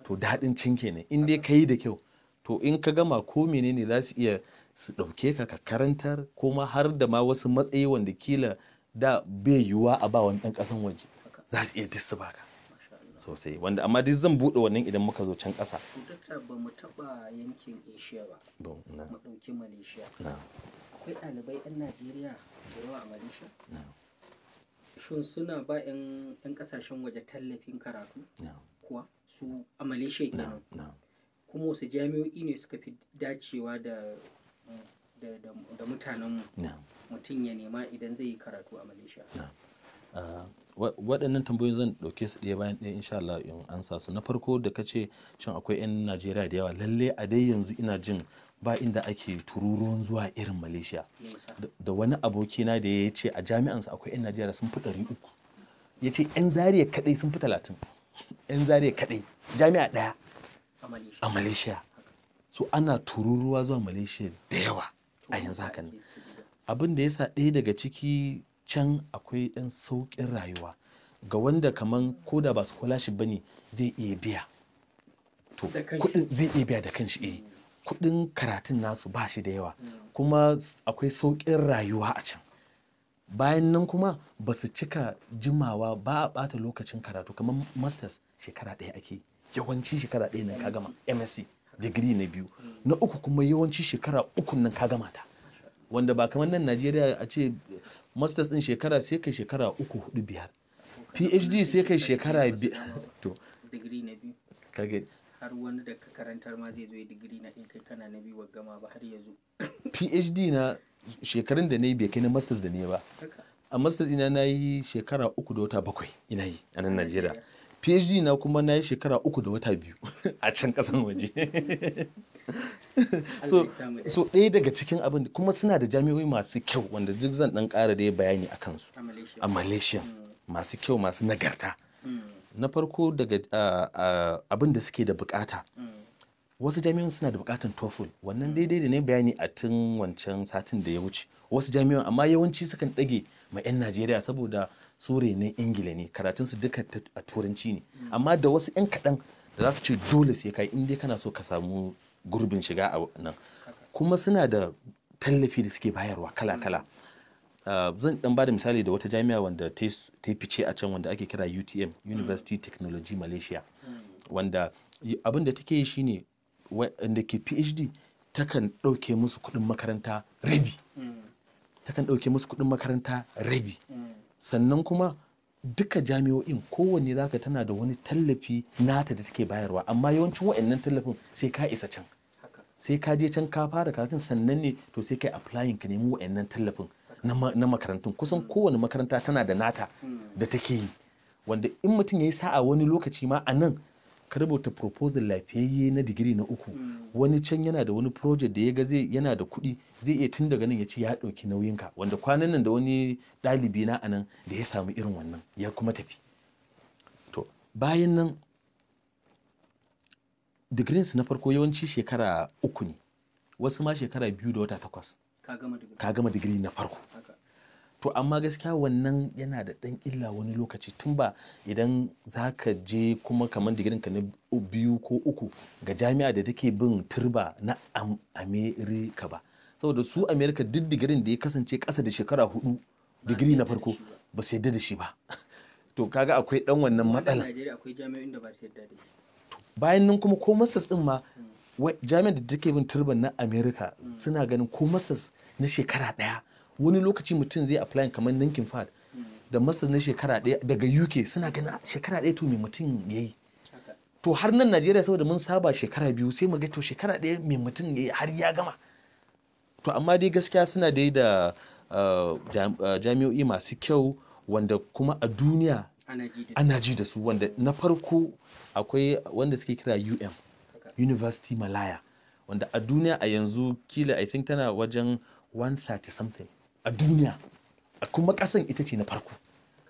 to daɗin cin kenan in dai ka yi da kyau to in ka gama ko menene za su iya su ɗauke ka ka karantar kuma har da ma wasu matsayi wanda kila da bai yiwuwa a ba wani ɗan ƙasan waje za su iya disu baka sosai wanda amma duk zan buɗe wannan idan muka zo can ƙasa ba mu taɓa yankin asia ba mu ɗauki malaysia akwai ɗalibai 'yan najeriya da yawa a malaysia shin suna ba 'yan ƙasashen waje tallafin karatu kuwa su a malaysia kenan kuma wasu jami'o'i ne suka fi dacewa da da mutanenmu mutum ya nema idan zai yi karatu a malaysia ah, waɗannan tambayoyin zan ɗauke su ɗaya bayan ɗaya insha Allah in ansa su na farko da ka ce shin akwai 'yan Najeriya da yawa lallai a dai yanzu ina jin ba inda ake tururuwan zuwa irin Malaysia da wani abokina da ya ce a jami'ansa akwai 'yan Najeriya sun fi ɗari uku ya ce 'yan zariya kaɗai sun fi talatin 'yan [LAUGHS] zariya kaɗai jami'a ɗaya a malaysia so ana tururuwa zuwa malaysia da yawa a yanzu haka ne. abin da yasa ɗaya daga ciki can akwai ɗan sauƙin rayuwa ga wanda kaman ko da ba scholarship ba ne zai iya biya to kuɗin zai iya biya da kanshi eh kuɗin karatun nasu ba shi da yawa mm. kuma akwai sauƙin rayuwa a can bayan nan kuma ba su cika jimawa ba a ɓata lokacin karatu kamar masters shekara ɗaya ake yawanci shekara ɗaya nan ka gama msc digiri na biyu na uku kuma yawanci shekara uku nan ka gama ta wanda ba kamar nan najeriya a ce masters din shekara sai kai shekara uku hudu biyar phd sai kai shekara biyar to digiri na biyu kage har wani da ka karantar ma zai zo digiri na kai kana na biyu gama ba har yanzu phd na shekarun da na yi bai kai na masters da ne ba a masters ina na yi shekara uku da wata bakwai ina yi a nan najeriya phd na kuma na yi shekara uku da wata biyu [LAUGHS] a can kasan waje [LAUGHS] so ɗaya daga cikin abin kuma suna da jami'oi masu kyau wanda duk zan ɗan ƙara da bayani a kansu a malaysia mm. masu kyau masu nagarta mm. na farko daga ah, ah, abin da suke da bukata mm. wasu jami'an suna da toful. TOEFL wannan daidai da na bayani a tun wancan satin da ya wuce wasu jami'an amma yawanci sukan ɗage ma 'yan Najeriya saboda su renin Ingila ne karatunsu duka a turanci ne hmm. amma da wasu 'yan kaɗan da za su ce dole sai kai in dai kana so ka samu gurbin shiga a nan kuma suna da tallafi da suke bayarwa kala-kala hmm. ah, zan dan bada misali da wata jami'a wanda ta fice a can wanda ake kira UTM hmm. University Technology Malaysia wanda abin da take yi shine wanda ke phd takan ɗauke musu kuɗin makaranta rabi takan ɗauke musu kuɗin makaranta rabi sannan kuma duka jami'o'in kowanne zaka tana da wani tallafi nata da take bayarwa amma yawancin wa'annan tallafin sai ka isa can sai ka je can ka fara karatun sannan ne to sai kai applying ka nemi wa'annan tallafin na makarantun kusan mm. kowane makaranta tana da nata mm. da take yi wanda in mutum ya yi sa'a wani lokaci ma a nan ka rubuta proposal lafiyayye na digiri na uku mm. wani can yana da wani project da ya ga zai yana da kuɗi zai iya tun daga nan ya ce ya ɗauki ka, wanda kwanan nan da wani ɗalibi na anan da ya samu irin wannan ya kuma tafi to bayan nan digirinsu na farko yawanci shekara uku ne wasu ma shekara biyu da wata takwas ka gama digiri na farko to amma gaskiya wannan yana da ɗan illa wani lokaci tun ba idan za ka je kuma kamar digirin ka na biyu ko uku ga jami'a da take bin turba na amerika ba saboda su amerika duk digirin da ya kasance ƙasa da shekara hudu digiri na farko ba su yadda da shi ba [LAUGHS] to kaga akwai ɗan wannan matsala bayan nan kuma ko masas ɗin ma hmm. jami'a da take bin turban na amerika hmm. suna ganin ko masas na shekara ɗaya. wani lokaci mutum zai apply kamar ninkin fad da na shekara ɗaya daga uk suna gana ah, shekara daya to mai mutum ya yi to har nan najeriya saboda mun saba shekara biyu sai mu ga to shekara ɗaya mai mutum ya yi har ya gama to amma dai gaskiya suna dai da uh, uh, jami'o'i masu kyau wanda kuma a duniya ana ji da su wanda na farko akwai wanda suke kira um university malaya wanda a duniya a yanzu kila i think tana wajen 130 something a duniya kuma kasan ita ce na farko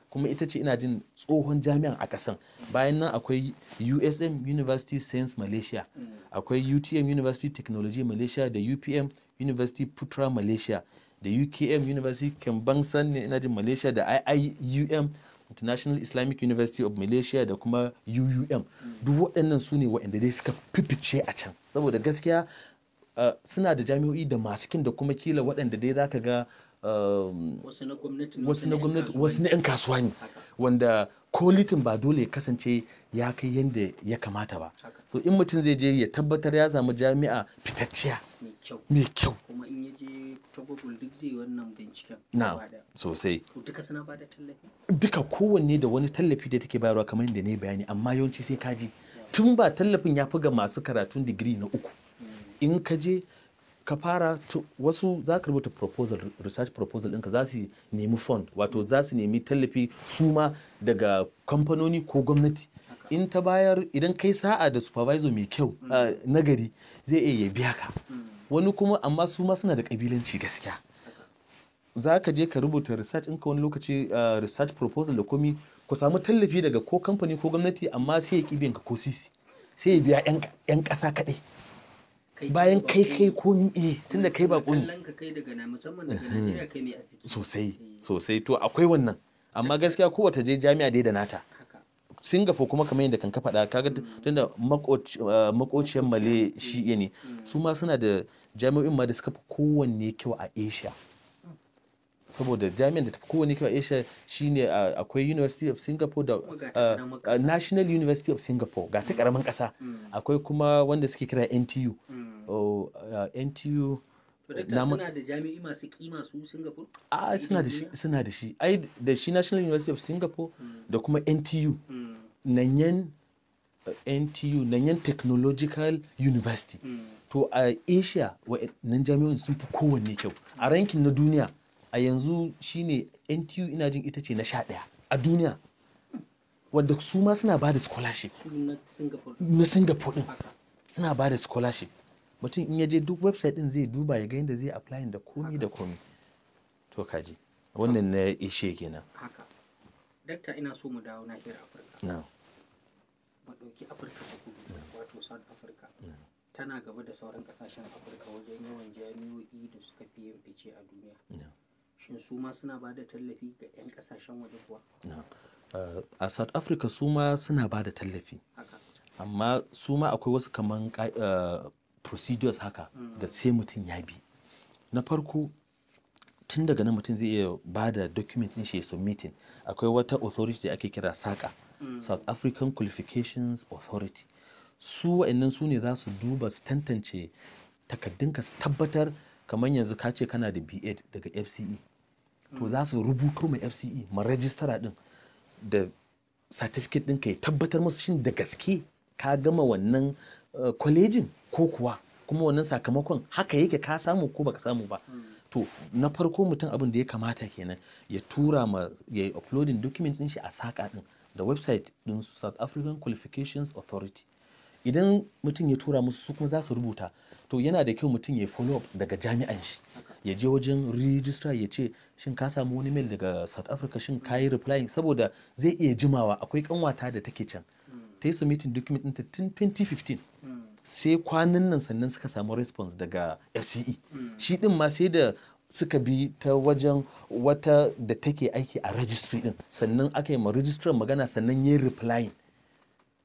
kuma ita ce ina jin tsohon jami'an a kasan bayan nan akwai usm university science malaysia akwai utm university technology malaysia da upm university putra malaysia da ukm university san ne ina jin malaysia da iium international islamic university of malaysia da kuma uum duk waɗannan su ne waɗanda dai suka fifice a can saboda gaskiya eh, suna da jami'o'i da masu kin da kuma kila waɗanda dai za ka ga Um, wasu na gwamnati wasu na 'yan kasuwa ne wanda ko litin ba dole ya kasance ya kai yadda ya kamata ba so in mutum zai je ya tabbatar ya samu jami'a fitacciya mai kyau kuma in ya je ta google duk zai wannan binciken na sosai duka suna bada tallafi duka kowanne da wani tallafi da take bayarwa kamar yadda ne bayani amma yawanci sai kaji tun ba tallafin ya fi ga masu karatun digiri na uku mm. in ka je ka fara wasu za ka rubuta proposal research proposal ɗinka za su nemi fund wato za su nemi tallafi su ma daga kamfanoni ko gwamnati in ta bayar idan kai sa'a da supervisor mai kyau mm. nagari zai iya biya ka mm. wani kuma amma su ma suna da kabilanci gaskiya za ka je ka rubuta research ɗinka wani lokaci research proposal da komi ku samu tallafi daga ko kamfani ko gwamnati amma sai ya ƙi ka ko sisi sai ya biya 'yan ƙasa kaɗai bayan kai kai komi eh tunda kai ba komi sosai eh. sosai to akwai wannan amma gaskiya kowace je jami'a dai da nata singapore kuma kamar yadda kanka faɗa kaga mm. tunda makociyar eh, male shi mm. ne mm. su ma suna da jami'o'in ma da suka fi kowanne kyau a asia saboda jami'an da tafi kowane kyau a asia shine akwai university of singapore da national university of singapore ga ta karamin mm. kasa mm. akwai kuma wanda suke kira ntu mm. oh, ntu suna da jami'i masu kima su singapore a suna da shi da shi ai da shi national university of singapore da kuma ntu nanyan NTU Nanyan Technological University. To a Asia wa'annan jami'in sun fi kowanne kyau. A rankin na duniya a yanzu shine NTU ina jin ita ce na sha ɗaya a duniya wadda su ma suna ba da scholarship na Singapore din suna ba da scholarship mutum in ya je duk website din zai duba ya ga yadda zai apply da komi da komi to kaji wannan na ishe kenan haka dakta ina so mu dawo nahiyar afirka na ɗauki afirka ta kudu wato south africa tana gaba da sauran ƙasashen afirka wajen yawan jami'o'i da suka fi yin fice a duniya shin su ma suna ba da tallafi ga 'yan kasashen waje kuwa a south africa su ma suna ba da tallafi amma su ma akwai wasu kaman eh, procedures haka mm. da sai mutum ya bi na farko tun daga nan mutum zai iya ba da document din shi submitting akwai wata authority da ake kira saka mm. south african qualifications authority su wa'annan su ne za su duba su tantance takardunka su tabbatar kamar yanzu ka ce kana da b daga fce to za su rubuto mai fce ma rajistara din da certificate din ka tabbatar musu shin da gaske ka gama wannan kwalejin eh, ko kuwa kuma wannan sakamakon haka yake ka samu ko baka samu ba hmm. to na farko mutum abin da ya kamata kenan ya tura ma ya yi uploading documents din shi a saka din da website din South African Qualifications Authority idan mutum ya tura musu su kuma za su rubuta to yana da kyau mutum ya follow up daga jami'an shi ya je wajen rijista ya ce shin ka samu wani mail daga south africa shin ka yi replying saboda zai iya jimawa akwai kanwata da take can ta yi submitting document ɗinta tun 2015 sai kwanan nan sannan suka samu response daga fce shi din ma sai da suka bi ta wajen wata da take aiki a registry din sannan aka yi ma registrar magana sannan ya yi replying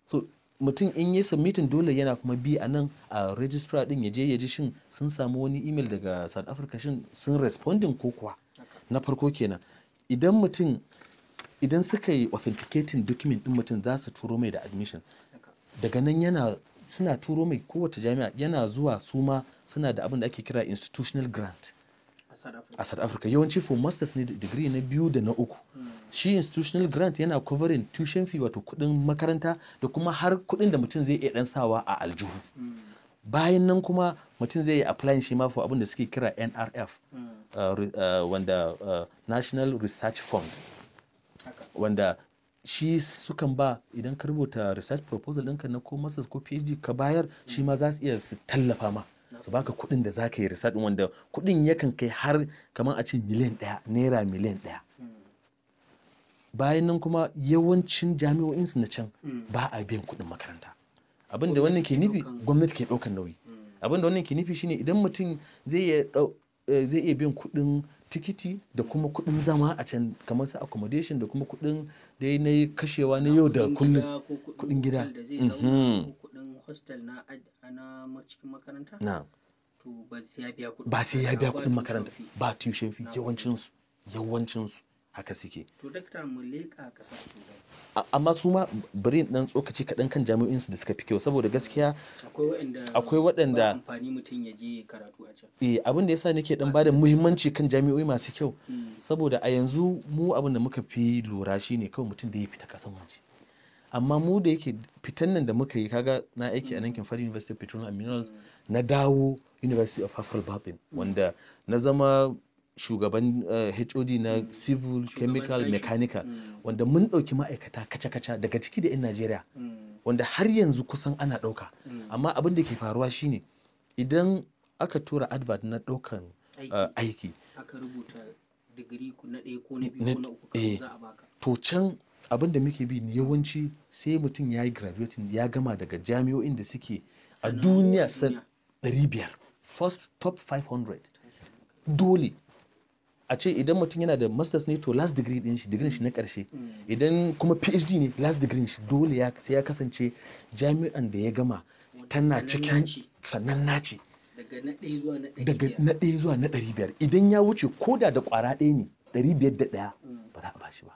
so mutum in yi submitting dole yana kuma bi a nan a registrar din ya je ya ji shin sun samu wani email daga south africa shin sun responding ko kuwa na farko kenan idan mutum idan suka yi authenticating document din mutum za su turo mai da admission daga nan yana suna turo mai kowace jami'a yana zuwa su ma suna da abin da ake kira institutional grant a south africa yawanci for masters ne degree na biyu da na uku hmm. shi institutional grant yana covering tuition fee wato kudin makaranta da kuma har kudin da mutum zai iya dan sawa a aljihu hmm. bayan nan kuma mutum zai yi applying shi ma for abin da suke kira nrf hmm. uh, uh, wanda uh, national research fund wanda shi sukan ba idan ka rubuta research proposal ɗinka na ko masters ko phd ka bayar shi ma za su iya su tallafa ma su baka kuɗin da za ka yi research wanda kuɗin yakan kai har kamar a ce miliyan daya naira miliyan daya hmm. bayan nan kuma yawancin jami'o'in su na can hmm. ba a biyan kuɗin makaranta abin wannan ke nufi gwamnati ke daukan nauyi hmm. abin wannan ke nufi shine idan mutum zai iya eh, zai biyan kuɗin tikiti da kuma kuɗin zama a can kamar su accommodation da kuma kuɗin da na kashewa na yau da kullum kuɗin gida hostel na cikin makaranta na'am to ba sai ya biya kuɗin ba sai ya biya kuɗin makaranta ba tuition fee yawancin su yawancin su haka suke to dakta mu leƙa ƙasar amma su ma bari dan tsokaci kaɗan kan jami'o'in su da suka fi kyau saboda hmm. gaskiya akwai waɗanda akwai waɗanda amfani mutum ya je karatu a can eh abin da yasa nake dan bada muhimmanci kan jami'o'i masu kyau hmm. saboda a yanzu mu abin da muka fi lura shine kawai mutum da ya fita ƙasan waje amma mu da yake fitan nan da muka yi kaga na aiki a nan fari University of Petroleum and Minerals na dawo University of Afral Babin wanda na zama shugaban HOD eh, na civil chemical mechanical mm. wanda mun ɗauki ma'aikata kaca-kaca daga ciki da 'yan Najeriya mm. wanda har yanzu kusan ana ɗauka mm. amma abin da ke faruwa shine idan aka tura advert na ɗaukan aiki eh, aka rubuta digiri na ɗaya ko na biyu ko na uku eh. za a baka to can abin da muke bi yawanci sai mutum ya yi graduating ya gama daga jami'o'in da suke a duniya san 500 first top 500 dole a ce idan mutum yana da masters ne to last degree din shi degree shi na karshe hmm. idan kuma phd ne last degree shi dole ya sai ya kasance jami'an da ya gama tana cikin sannan naci daga na ɗaya zuwa na ɗari biyar idan ya wuce koda da ƙwara ɗaya ne ɗari biyar da ɗaya hmm. ba za a ba shi ba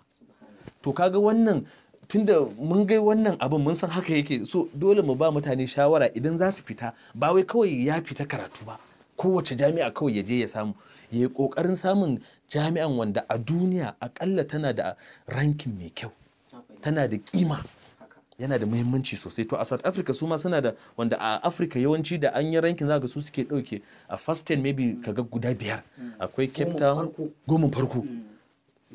to kaga wannan tunda mun ga wannan abin mun san haka yake so dole mu ba mutane shawara idan za su fita ba wai kawai ya fita karatu ba kowace jami'a kawai ya je ya samu ya yi kokarin samun jami'an wanda a duniya akalla tana da rankin mai kyau tana da kima yana da muhimmanci sosai to a south africa su ma suna da wanda a africa yawanci da an yi rankin zaka su suke dauke a first ten maybe kaga guda biyar mm. akwai cape town goma farko mm.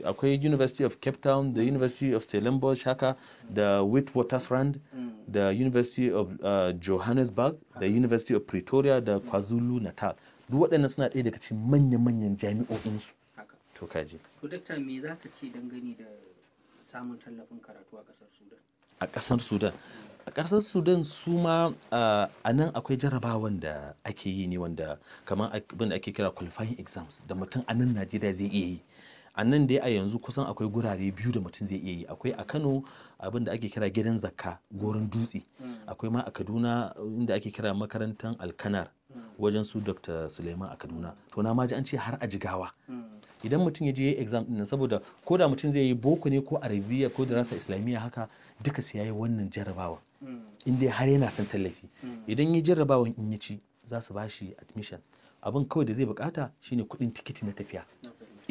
akwai university of cape town da university of stellenbosch haka da witwatersrand da university of uh, johannesburg da university of pretoria da kwazulu natal duk waɗannan suna ɗaya daga cikin manya-manyan jami'o'insu to kaji to dakta me za ka ce dangane da samun tallafin karatu a ƙasar sudan a ƙasar sudan a ƙasar sudan su ma uh, a nan akwai jarabawan da ake yi ne wanda kamar abin ake kira qualifying exams da mutum a nan najeriya zai iya yi a nan dai a yanzu kusan akwai gurare biyu da mutum zai iya yi akwai a kano abin da ake kira gidan zakka gorin dutse mm. akwai ma a kaduna inda ake kira makarantar alkanar mm. wajen su dr suleiman a kaduna to na ma ji an ce har a jigawa mm. idan mutum ya je ya exam din saboda ko da mutum zai yi boko ne ko arabiya ko darasa islamiyya haka duka sai yayi wannan jarrabawa in dai har yana son tallafi idan ya jarrabawan in ya ci za su bashi admission abin kawai da zai bukata shine kudin tikiti na tafiya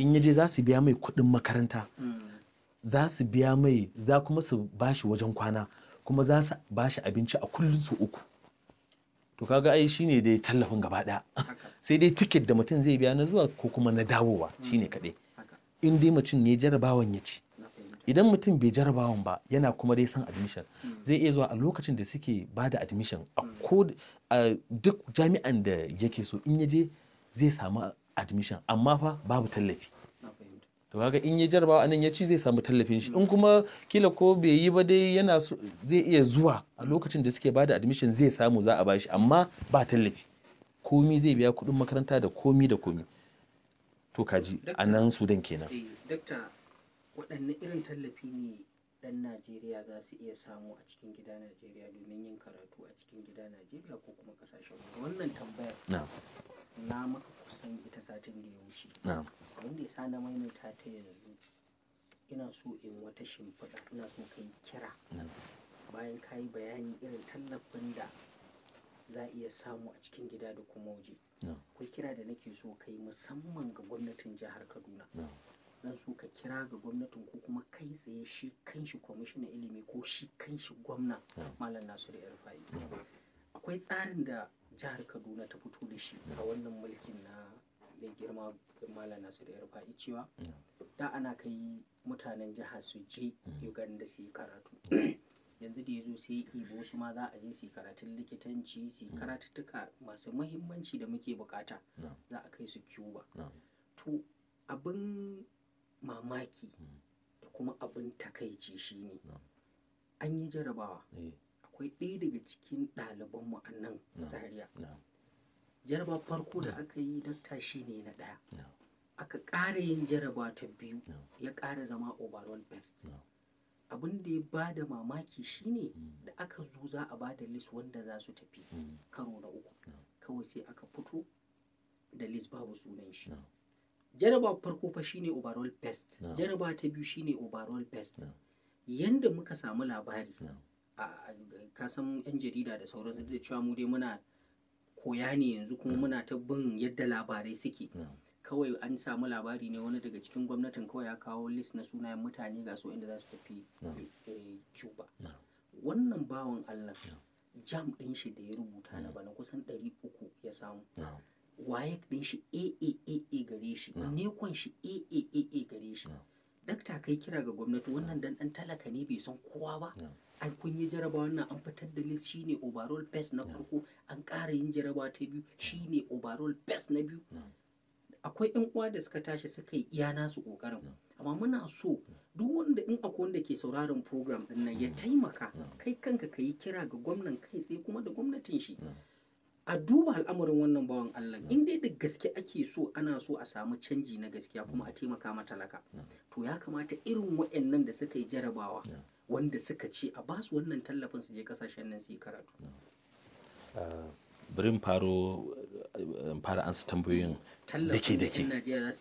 in ya je za su biya mai kuɗin makaranta za su biya mai za kuma su ba shi wajen kwana kuma za su ba shi abinci a kullum su uku to kaga ai shine dai tallafin gaba daya [LAUGHS] sai dai tiket da mutum zai biya na zuwa ko kuma na dawowa hmm. shine kaɗai in dai mutum ne jarabawan ya ci idan mutum bai jarabawan ba yana kuma dai san admission hmm. zai iya zuwa a lokacin da suke ba da admission a hmm. duk jami'an da yake so in ya je zai samu admission amma fa babu tallafi to kaga in ya jarabawa anan ya ci zai samu tallafin shi in kuma kila ko bai yi ba dai yana zai iya zuwa a lokacin da suke bada admission zai samu za a bashi amma ba tallafi komi zai biya kuɗin makaranta da komi da komi to kaji a nan sudan kenan eh, dakta waɗanne irin tallafi ne ɗan Najeriya za su iya samu a cikin gida Najeriya domin yin karatu a cikin gida Najeriya ko kuma kasashen wannan tambayar na maka kusan ita satin da ya wuce wanda ya sa na maimaita ta yanzu ina so in wata shimfiɗa ina so ka kira bayan ka yi bayani irin tallafin da za a iya samu a cikin gida da kuma waje akwai kira da nake so kai musamman ga gwamnatin jihar kaduna zan so ka kira ga gwamnatin ko kuma kai tsaye shi kanshi kwamishinan ilimi ko shi kanshi gwamna malam nasiru irfa'i akwai tsarin da jihar kaduna ta fito da shi a wannan mulkin na mai girma malam nasiru irfa'i cewa da ana kai mutanen jiha su je mm. uganda su yi karatu [COUGHS] yanzu da ya zo sai ibo su ma za a je su karatun likitanci su mm. karatuttuka masu mahimmanci da muke bukata za a kai su cuba to abin mamaki da kuma abin takaici shine an yi jarabawa eh. akwai ɗaya daga cikin ɗalibanmu a nan zaria jaraba farko da aka yi dakta ne na ɗaya aka ƙara yin jaraba ta biyu ya ƙara zama overall best abin da ya ba da mamaki shine mm. da aka zo za a ba da list wanda za su tafi mm. karo na uku kawai sai aka fito da list babu sunan shi jaraba farko fa shine overall best jaraba ta biyu shine overall best yanda muka samu labari ka san yan jarida da sauran da cewa mu dai muna koya ne yanzu kuma muna ta bin yadda labarai suke kawai an samu labari ne wani daga cikin gwamnatin kawai ya kawo list na sunayen mutane ga su inda za su tafi eh, cuba wannan bawan allah jam ɗin shi da ya rubuta na bana kusan 300 ya samu waye ɗin shi AAAA gare shi ne kwan shi AAAA gare shi dakta kai kira ga gwamnati wannan dan dan talaka ne bai san kowa ba Ai kun yi jarabawa wannan an fitar da list shine overall best na farko an ƙara yin jarabawa ta biyu shine overall best na biyu akwai ƴan uwa da suka tashi suka yi iya nasu kokarin amma muna so duk wanda in akwai wanda ke sauraron program din nan ya taimaka kai kanka ka yi kira ga gwamnan kai tsaye kuma da gwamnatin shi a duba al'amarin wannan bawan Allah mm. in dai da gaske ake so ana so a samu canji na gaskiya kuma a mm. taimaka matalaka mm. to ya kamata irin waɗannan da suka yi jarabawa wanda suka ce a ba su wannan tallafin su je kasashen nan su yi karatu uh, birin faro fara su tambayoyin dake dake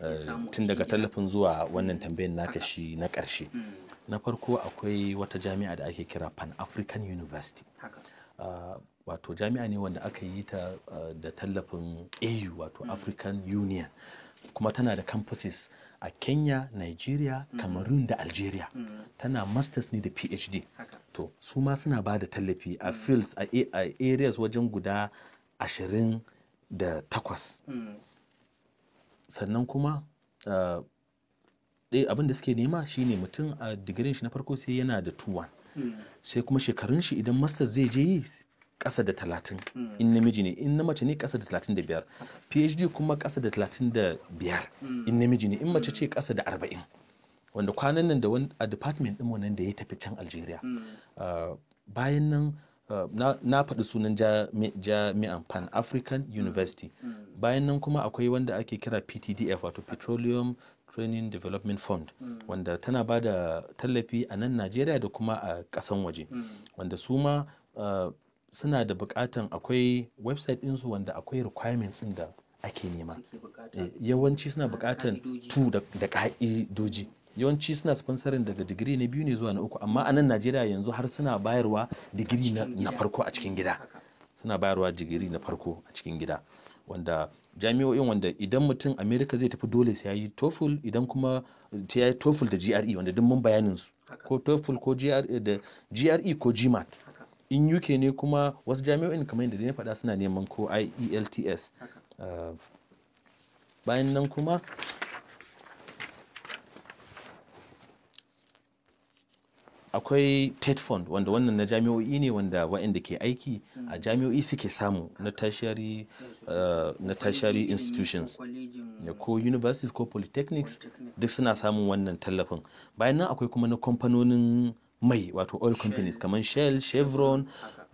uh, tun daga tallafin zuwa wannan tambayin naka shi na ƙarshe na farko akwai wata jami'a da ake kira pan african university wato jami'a ne wanda aka yi ta da tallafin au wato mm. african union kuma tana da campuses a kenya nigeria mm. cameroon da algeria mm. tana masters ne da phd to su ma suna ba da tallafi a fields a areas wajen guda ashirin da takwas sannan kuma abin da suke nema shine mutum a digirin shi na farko sai yana da 2-1 sai kuma shekarun shi idan masters zai je yi kasa da talatin in namiji ne in na mace ne kasa da talatin da biyar phd kuma kasa da talatin da biyar in namiji ne in mace ce kasa da arba'in wanda kwanan nan da wani a department ɗin wannan da ya tafi can algeria mm. ah, bayan nan ah, na faɗi sunan jami'an pan african university mm. bayan nan kuma akwai wanda ake kira ptdf wato petroleum training development fund mm. wanda tana ba da tallafi a nan najeriya da kuma a kasan waje mm. wanda su ma uh, suna da bukatan akwai website ɗinsu wanda akwai requirements ɗin da ake nema eh, yawanci suna bukatan tu da ka'idoji yawanci suna sponsorin daga digiri na biyu ne zuwa na uku amma a nan najeriya yanzu har suna bayarwa digiri na farko a cikin gida suna bayarwa digiri na farko a cikin gida wanda jami'o'in wanda idan mutum america zai tafi dole sai ya yi idan kuma ta yi TOEFL da gre wanda duk mun bayanin su ko TOEFL ko gre e ko gmat in uk ne kuma wasu jami'o'in kamar yadda na faɗa suna neman ko ielts ah, bayan nan kuma akwai tet fund wanda wannan na jami'o'i ne wanda waɗanda ke aiki a hmm. jami'o'i suke samu na uh, na tertiary institutions ko universities ko polytechnics duk suna samun wannan tallafin bayan nan akwai kuma na kamfanonin mai wato oil companies kamar shell chevron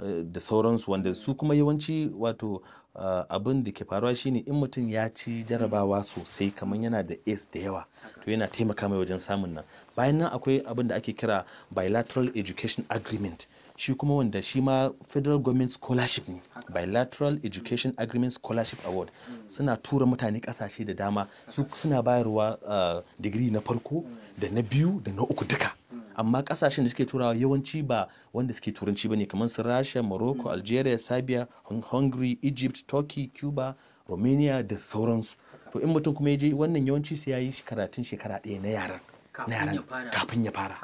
Eh, da sauransu wanda su kuma yawanci wato eh, abin da ke faruwa shine in mutum ya ci jarabawa sosai kamar yana da ace da yawa to yana taimaka mai wajen samun nan bayan nan akwai abin da ake kira bilateral education agreement shi kuma wanda shi ma federal government scholarship ne bilateral education agreement scholarship award hmm. suna tura mutane kasashe da dama suna bayarwa eh, digiri na farko hmm. da na biyu da na uku duka hmm. amma kasashen da suke turawa yawanci ba wanda suke turanci bane kamar su russia Morocco mm. Algeria Serbia Hungary Egypt Turkey Cuba Romania da sauransu to in mutum kuma ya je wannan yawanci sai ya yi karatun shekara ɗaya na yaran na kafin ya fara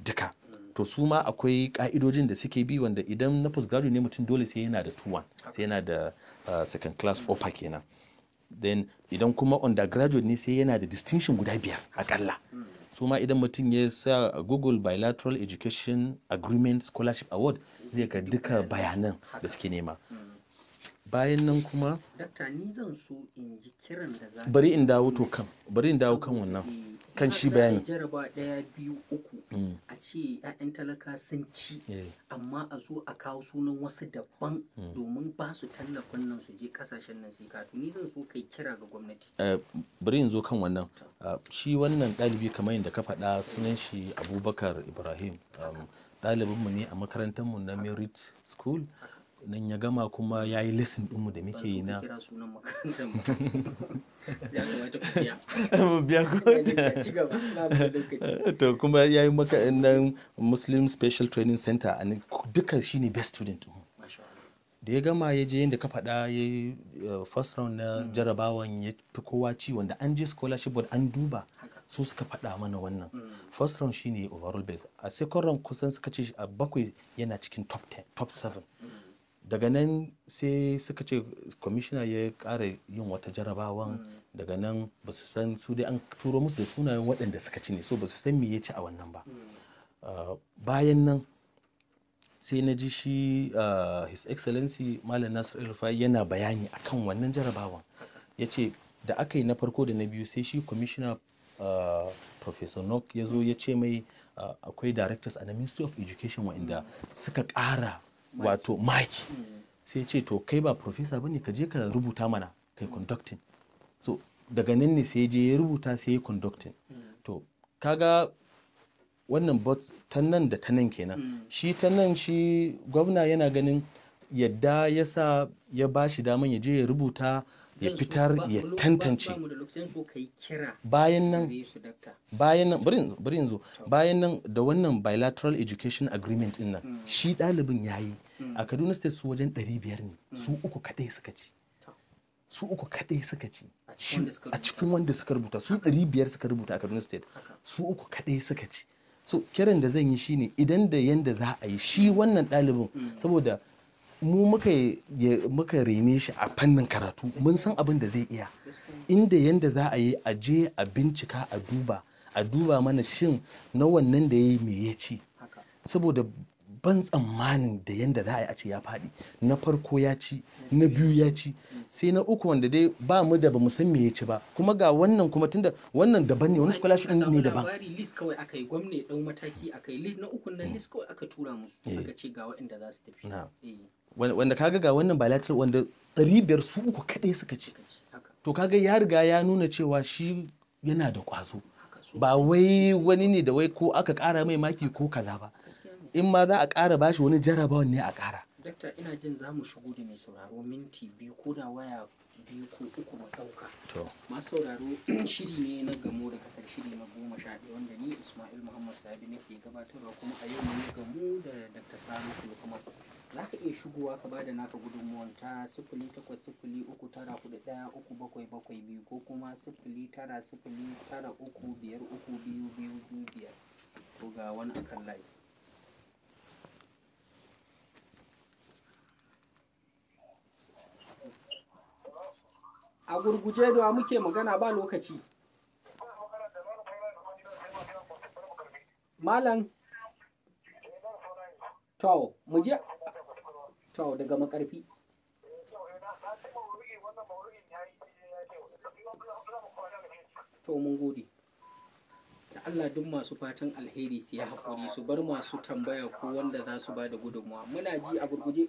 duka mm. to su ma akwai ka'idojin da suke bi wanda idan na postgraduate ne mutum dole sai yana da 2:1 sai yana da uh, second class offer kenan then idan kuma undergraduate ne sai yana da distinction guda biyar akalla mm. su ma idan mutum ya sa google bilateral education agreement scholarship award zai ga duka bayanan da suke nema bayan nan kuma bari in dawo to kan bari in dawo kan wannan eh, kan shi bayani jaraba daya biyu uku mm. a ce 'ya'yan talaka sun ci eh. amma a zo a kawo sunan wasu daban mm. domin ba su tallafin nan su je kasashen nan sai kato ni zan so kai kira ga gwamnati eh, bari in zo kan wannan ah, shi wannan ɗalibi kamar yadda ka faɗa sunan shi abubakar ibrahim um, ɗalibinmu ne a makarantar mu na merit school nan ya gama kuma ya yi lesson ɗinmu da muke yi na biya [LAUGHS] [LAUGHS] to kuma ya yi maka nan muslim special training center a duka shi ne best student da ya gama ya je yadda ka faɗa ya uh, first round na hmm. jarabawan ya fi kowa ci wanda an je scholarship board an duba su suka faɗa mana wannan hmm. first round shine overall best a second round kusan suka ce a bakwai yana cikin top 10 top 7 daga nan sai suka ce kwamishina ya ƙara yin wata jarabawan mm. daga nan ba su san su dai an turo musu da sunayen waɗanda suka ci ne so ba su san me ya ci a wannan ba mm. ah, bayan nan sai na ji shi ah, his excellency malam nasir elrufai yana bayani akan wannan jarabawan ya ce da aka yi na farko da na biyu sai shi kwamishina ah, professor nok ya zo ya ce mai akwai directors a na ministry of education wa'inda mm. suka ƙara wato maki hmm. sai ce to kai ba profesa bane ka je ka rubuta mana kai conducting so daga nan ne sai je ya rubuta sai ya conducting hmm. to kaga wannan bot ta nan da ta nan kenan hmm. shi ta nan shi gwamna yana ganin yadda ya sa ya bashi daman ya je ya rubuta ya fitar ya tantance bayan nan bayan nan bari yanzu bayan nan da wannan bilateral education agreement din nan hmm. shi ɗalibin ya yi hmm. a kaduna state su wajen 500 ne hmm. su uku kaɗai suka ci su uku kaɗai suka ci a cikin wanda suka rubuta su 500 suka rubuta a kaduna state su uku kaɗai suka ci so kiran da zan yi shine idan da yanda za a yi shi wannan ɗalibin saboda mu muka muka rene shi a fannin karatu mun san abin da zai iya inda yanda za a yi a je a bincika a duba a duba mana shin na wannan da ya yi me ya ci saboda ban tsammanin da yanda za a yi a ce ya faɗi na farko ya ci na biyu ya ci sai na uku wanda dai ba mu da bamu san me ya ci ba kuma ga wannan kuma tunda wannan daban ne wani scholarship din ne daban labari list kawai aka yi gwamnati ɗau mataki aka yi na uku na list kawai aka tura musu eh. aka ce ga waɗanda za su tafi eh. wanda kaga ga wannan bilateral wanda 500 su uku kadai suka ci to kaga ya riga ya nuna cewa shi yana da kwazo ba wai wani ne da wai ko aka kara mai maki ko kaza ba in ma za a ƙara bashi wani jarabawan ne a ƙara dakta ina jin za mu shigo da mai sauraro minti biyu ko da waya biyu ko uku mu ɗauka to masu sauraro [CLEARS THROAT] shiri ne na gamo da kasar shiri na goma sha ɗaya wanda ni ismail muhammad sabi nake gabatarwa kuma a yau yi gamo da dakta sani kuma za ka iya shigowa ka bada naka gudunmuwan ta sifili takwas sifili uku tara hudu ɗaya uku bakwai bakwai biyu ko kuma sifili tara sifili tara uku biyar uku biyu biyu biyu biyar ko ga wani akan layi a gurguje da muke magana ba lokaci malam to mu je to daga makarfi to mun gode da Allah duk masu fatan alheri su yi haƙuri su bar masu tambaya ko wanda za su ba da gudunmuwa muna ji a gurguje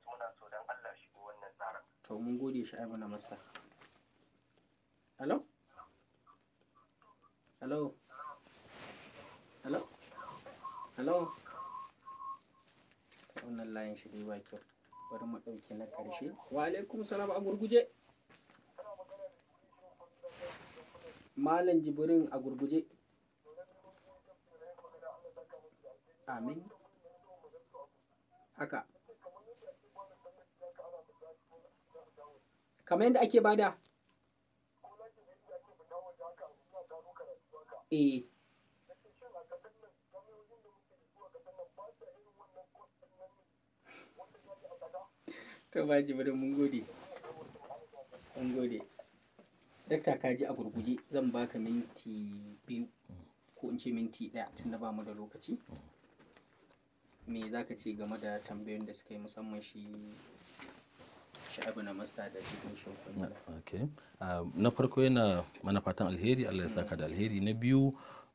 to mun gode ai muna masta hello hello hello hello wannan layin shi dai ba kyau bari mu na wa amin haka kamar yadda ake bada eh to ba ji bari mun gode mun gode dakta ka a gurguje zan baka minti biyu ko in ce minti ɗaya da ba mu da lokaci me za ka ce game da tambayoyin da suka yi musamman shi sha'abu na masta da ah, na farko yana mana fatan alheri Allah ya mm. saka da alheri na biyu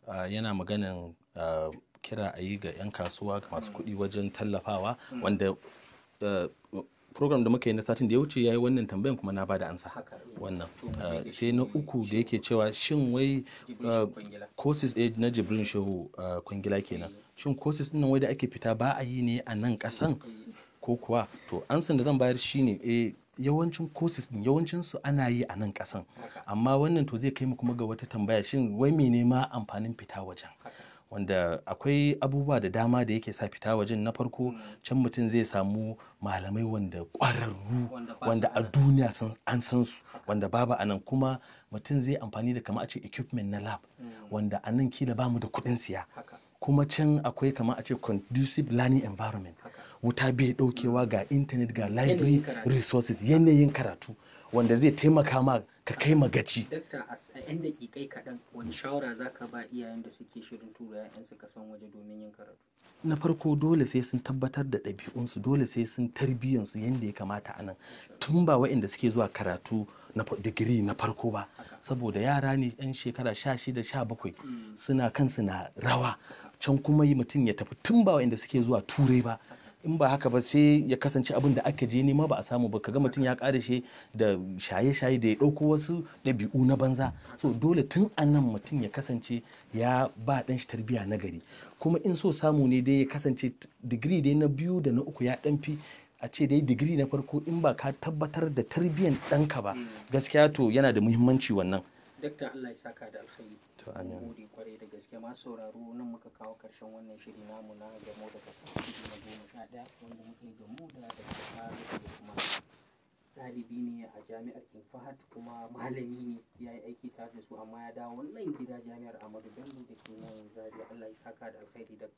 ah, yana maganin ah, kira a yi ga 'yan kasuwa ga masu mm. kuɗi wajen tallafawa mm. wanda program da muka yi na satin da ya wuce ya yi wannan tambayan kuma na bada ansa wannan sai na uku da yake cewa shin wai courses eh, na jibrin shehu kwangila kenan eh. shin courses din wai da ake fita ba a yi ne a nan kasan eh. ko kuwa to ansan da zan bayar shine e yawancin courses din yawancin su ana yi a nan kasan amma wannan to zai kai mu kuma ga wata tambaya shin wai mene ma amfanin fita wajen wanda akwai abubuwa da dama da yake sa fita wajen na farko hmm. can mutum zai samu malamai wanda ƙwararru wanda a duniya an san su wanda babu a nan kuma mutum zai amfani da kama a ce equipment na lab hmm. wanda a nan kila bamu da kuɗin siya kuma can akwai kamar a ce conducive learning environment wuta bai daukewa ga intanet ga library resources yanayin karatu wanda zai taimaka ma ka kai magaci. Dakta a 'yan daƙiƙai kaɗan wani shawara za ka ba iyayen da suke shirin tura 'ya'yansu san waje domin yin karatu? Na farko dole sai sun tabbatar da ɗabi'unsu dole sai sun tarbiyyansu yadda ya kamata a nan tun ba wa'inda suke zuwa karatu na digiri na farko ba saboda yara ne 'yan shekara sha shida sha bakwai mm. suna kansu na rawa can kuma yi mutum ya tafi tun ba wa'inda suke zuwa turai ba. in ba haka ba sai ya kasance abin da aka je nema ba a samu ba kaga mutum ya kare shi da shaye-shaye da ya ɗauko wasu ɗabi'u na banza so dole tun a nan mutum ya kasance ya ba ɗan shi tarbiyya na gari kuma in so samu ne dai ya kasance digiri dai na biyu da na uku ya ɗan fi a ce dai digiri na farko in ba ka tabbatar da tarbiyyan ɗanka ba mm. gaskiya to yana da muhimmanci wannan dakta Allah ya saka da alkhairi to amin gode kwarai da gaske ma sauraro nan muka kawo karshen wannan shiri namu na gamo da kasa shiri na goma sha ɗaya wanda muke gamo da dakta da kuma ɗalibi ne a jami'ar King Fahad kuma malami ne ya yi aiki tare da su amma ya dawo wannan gida jami'ar Ahmadu Bello da ke nan Zaria Allah ya saka da alkhairi dakta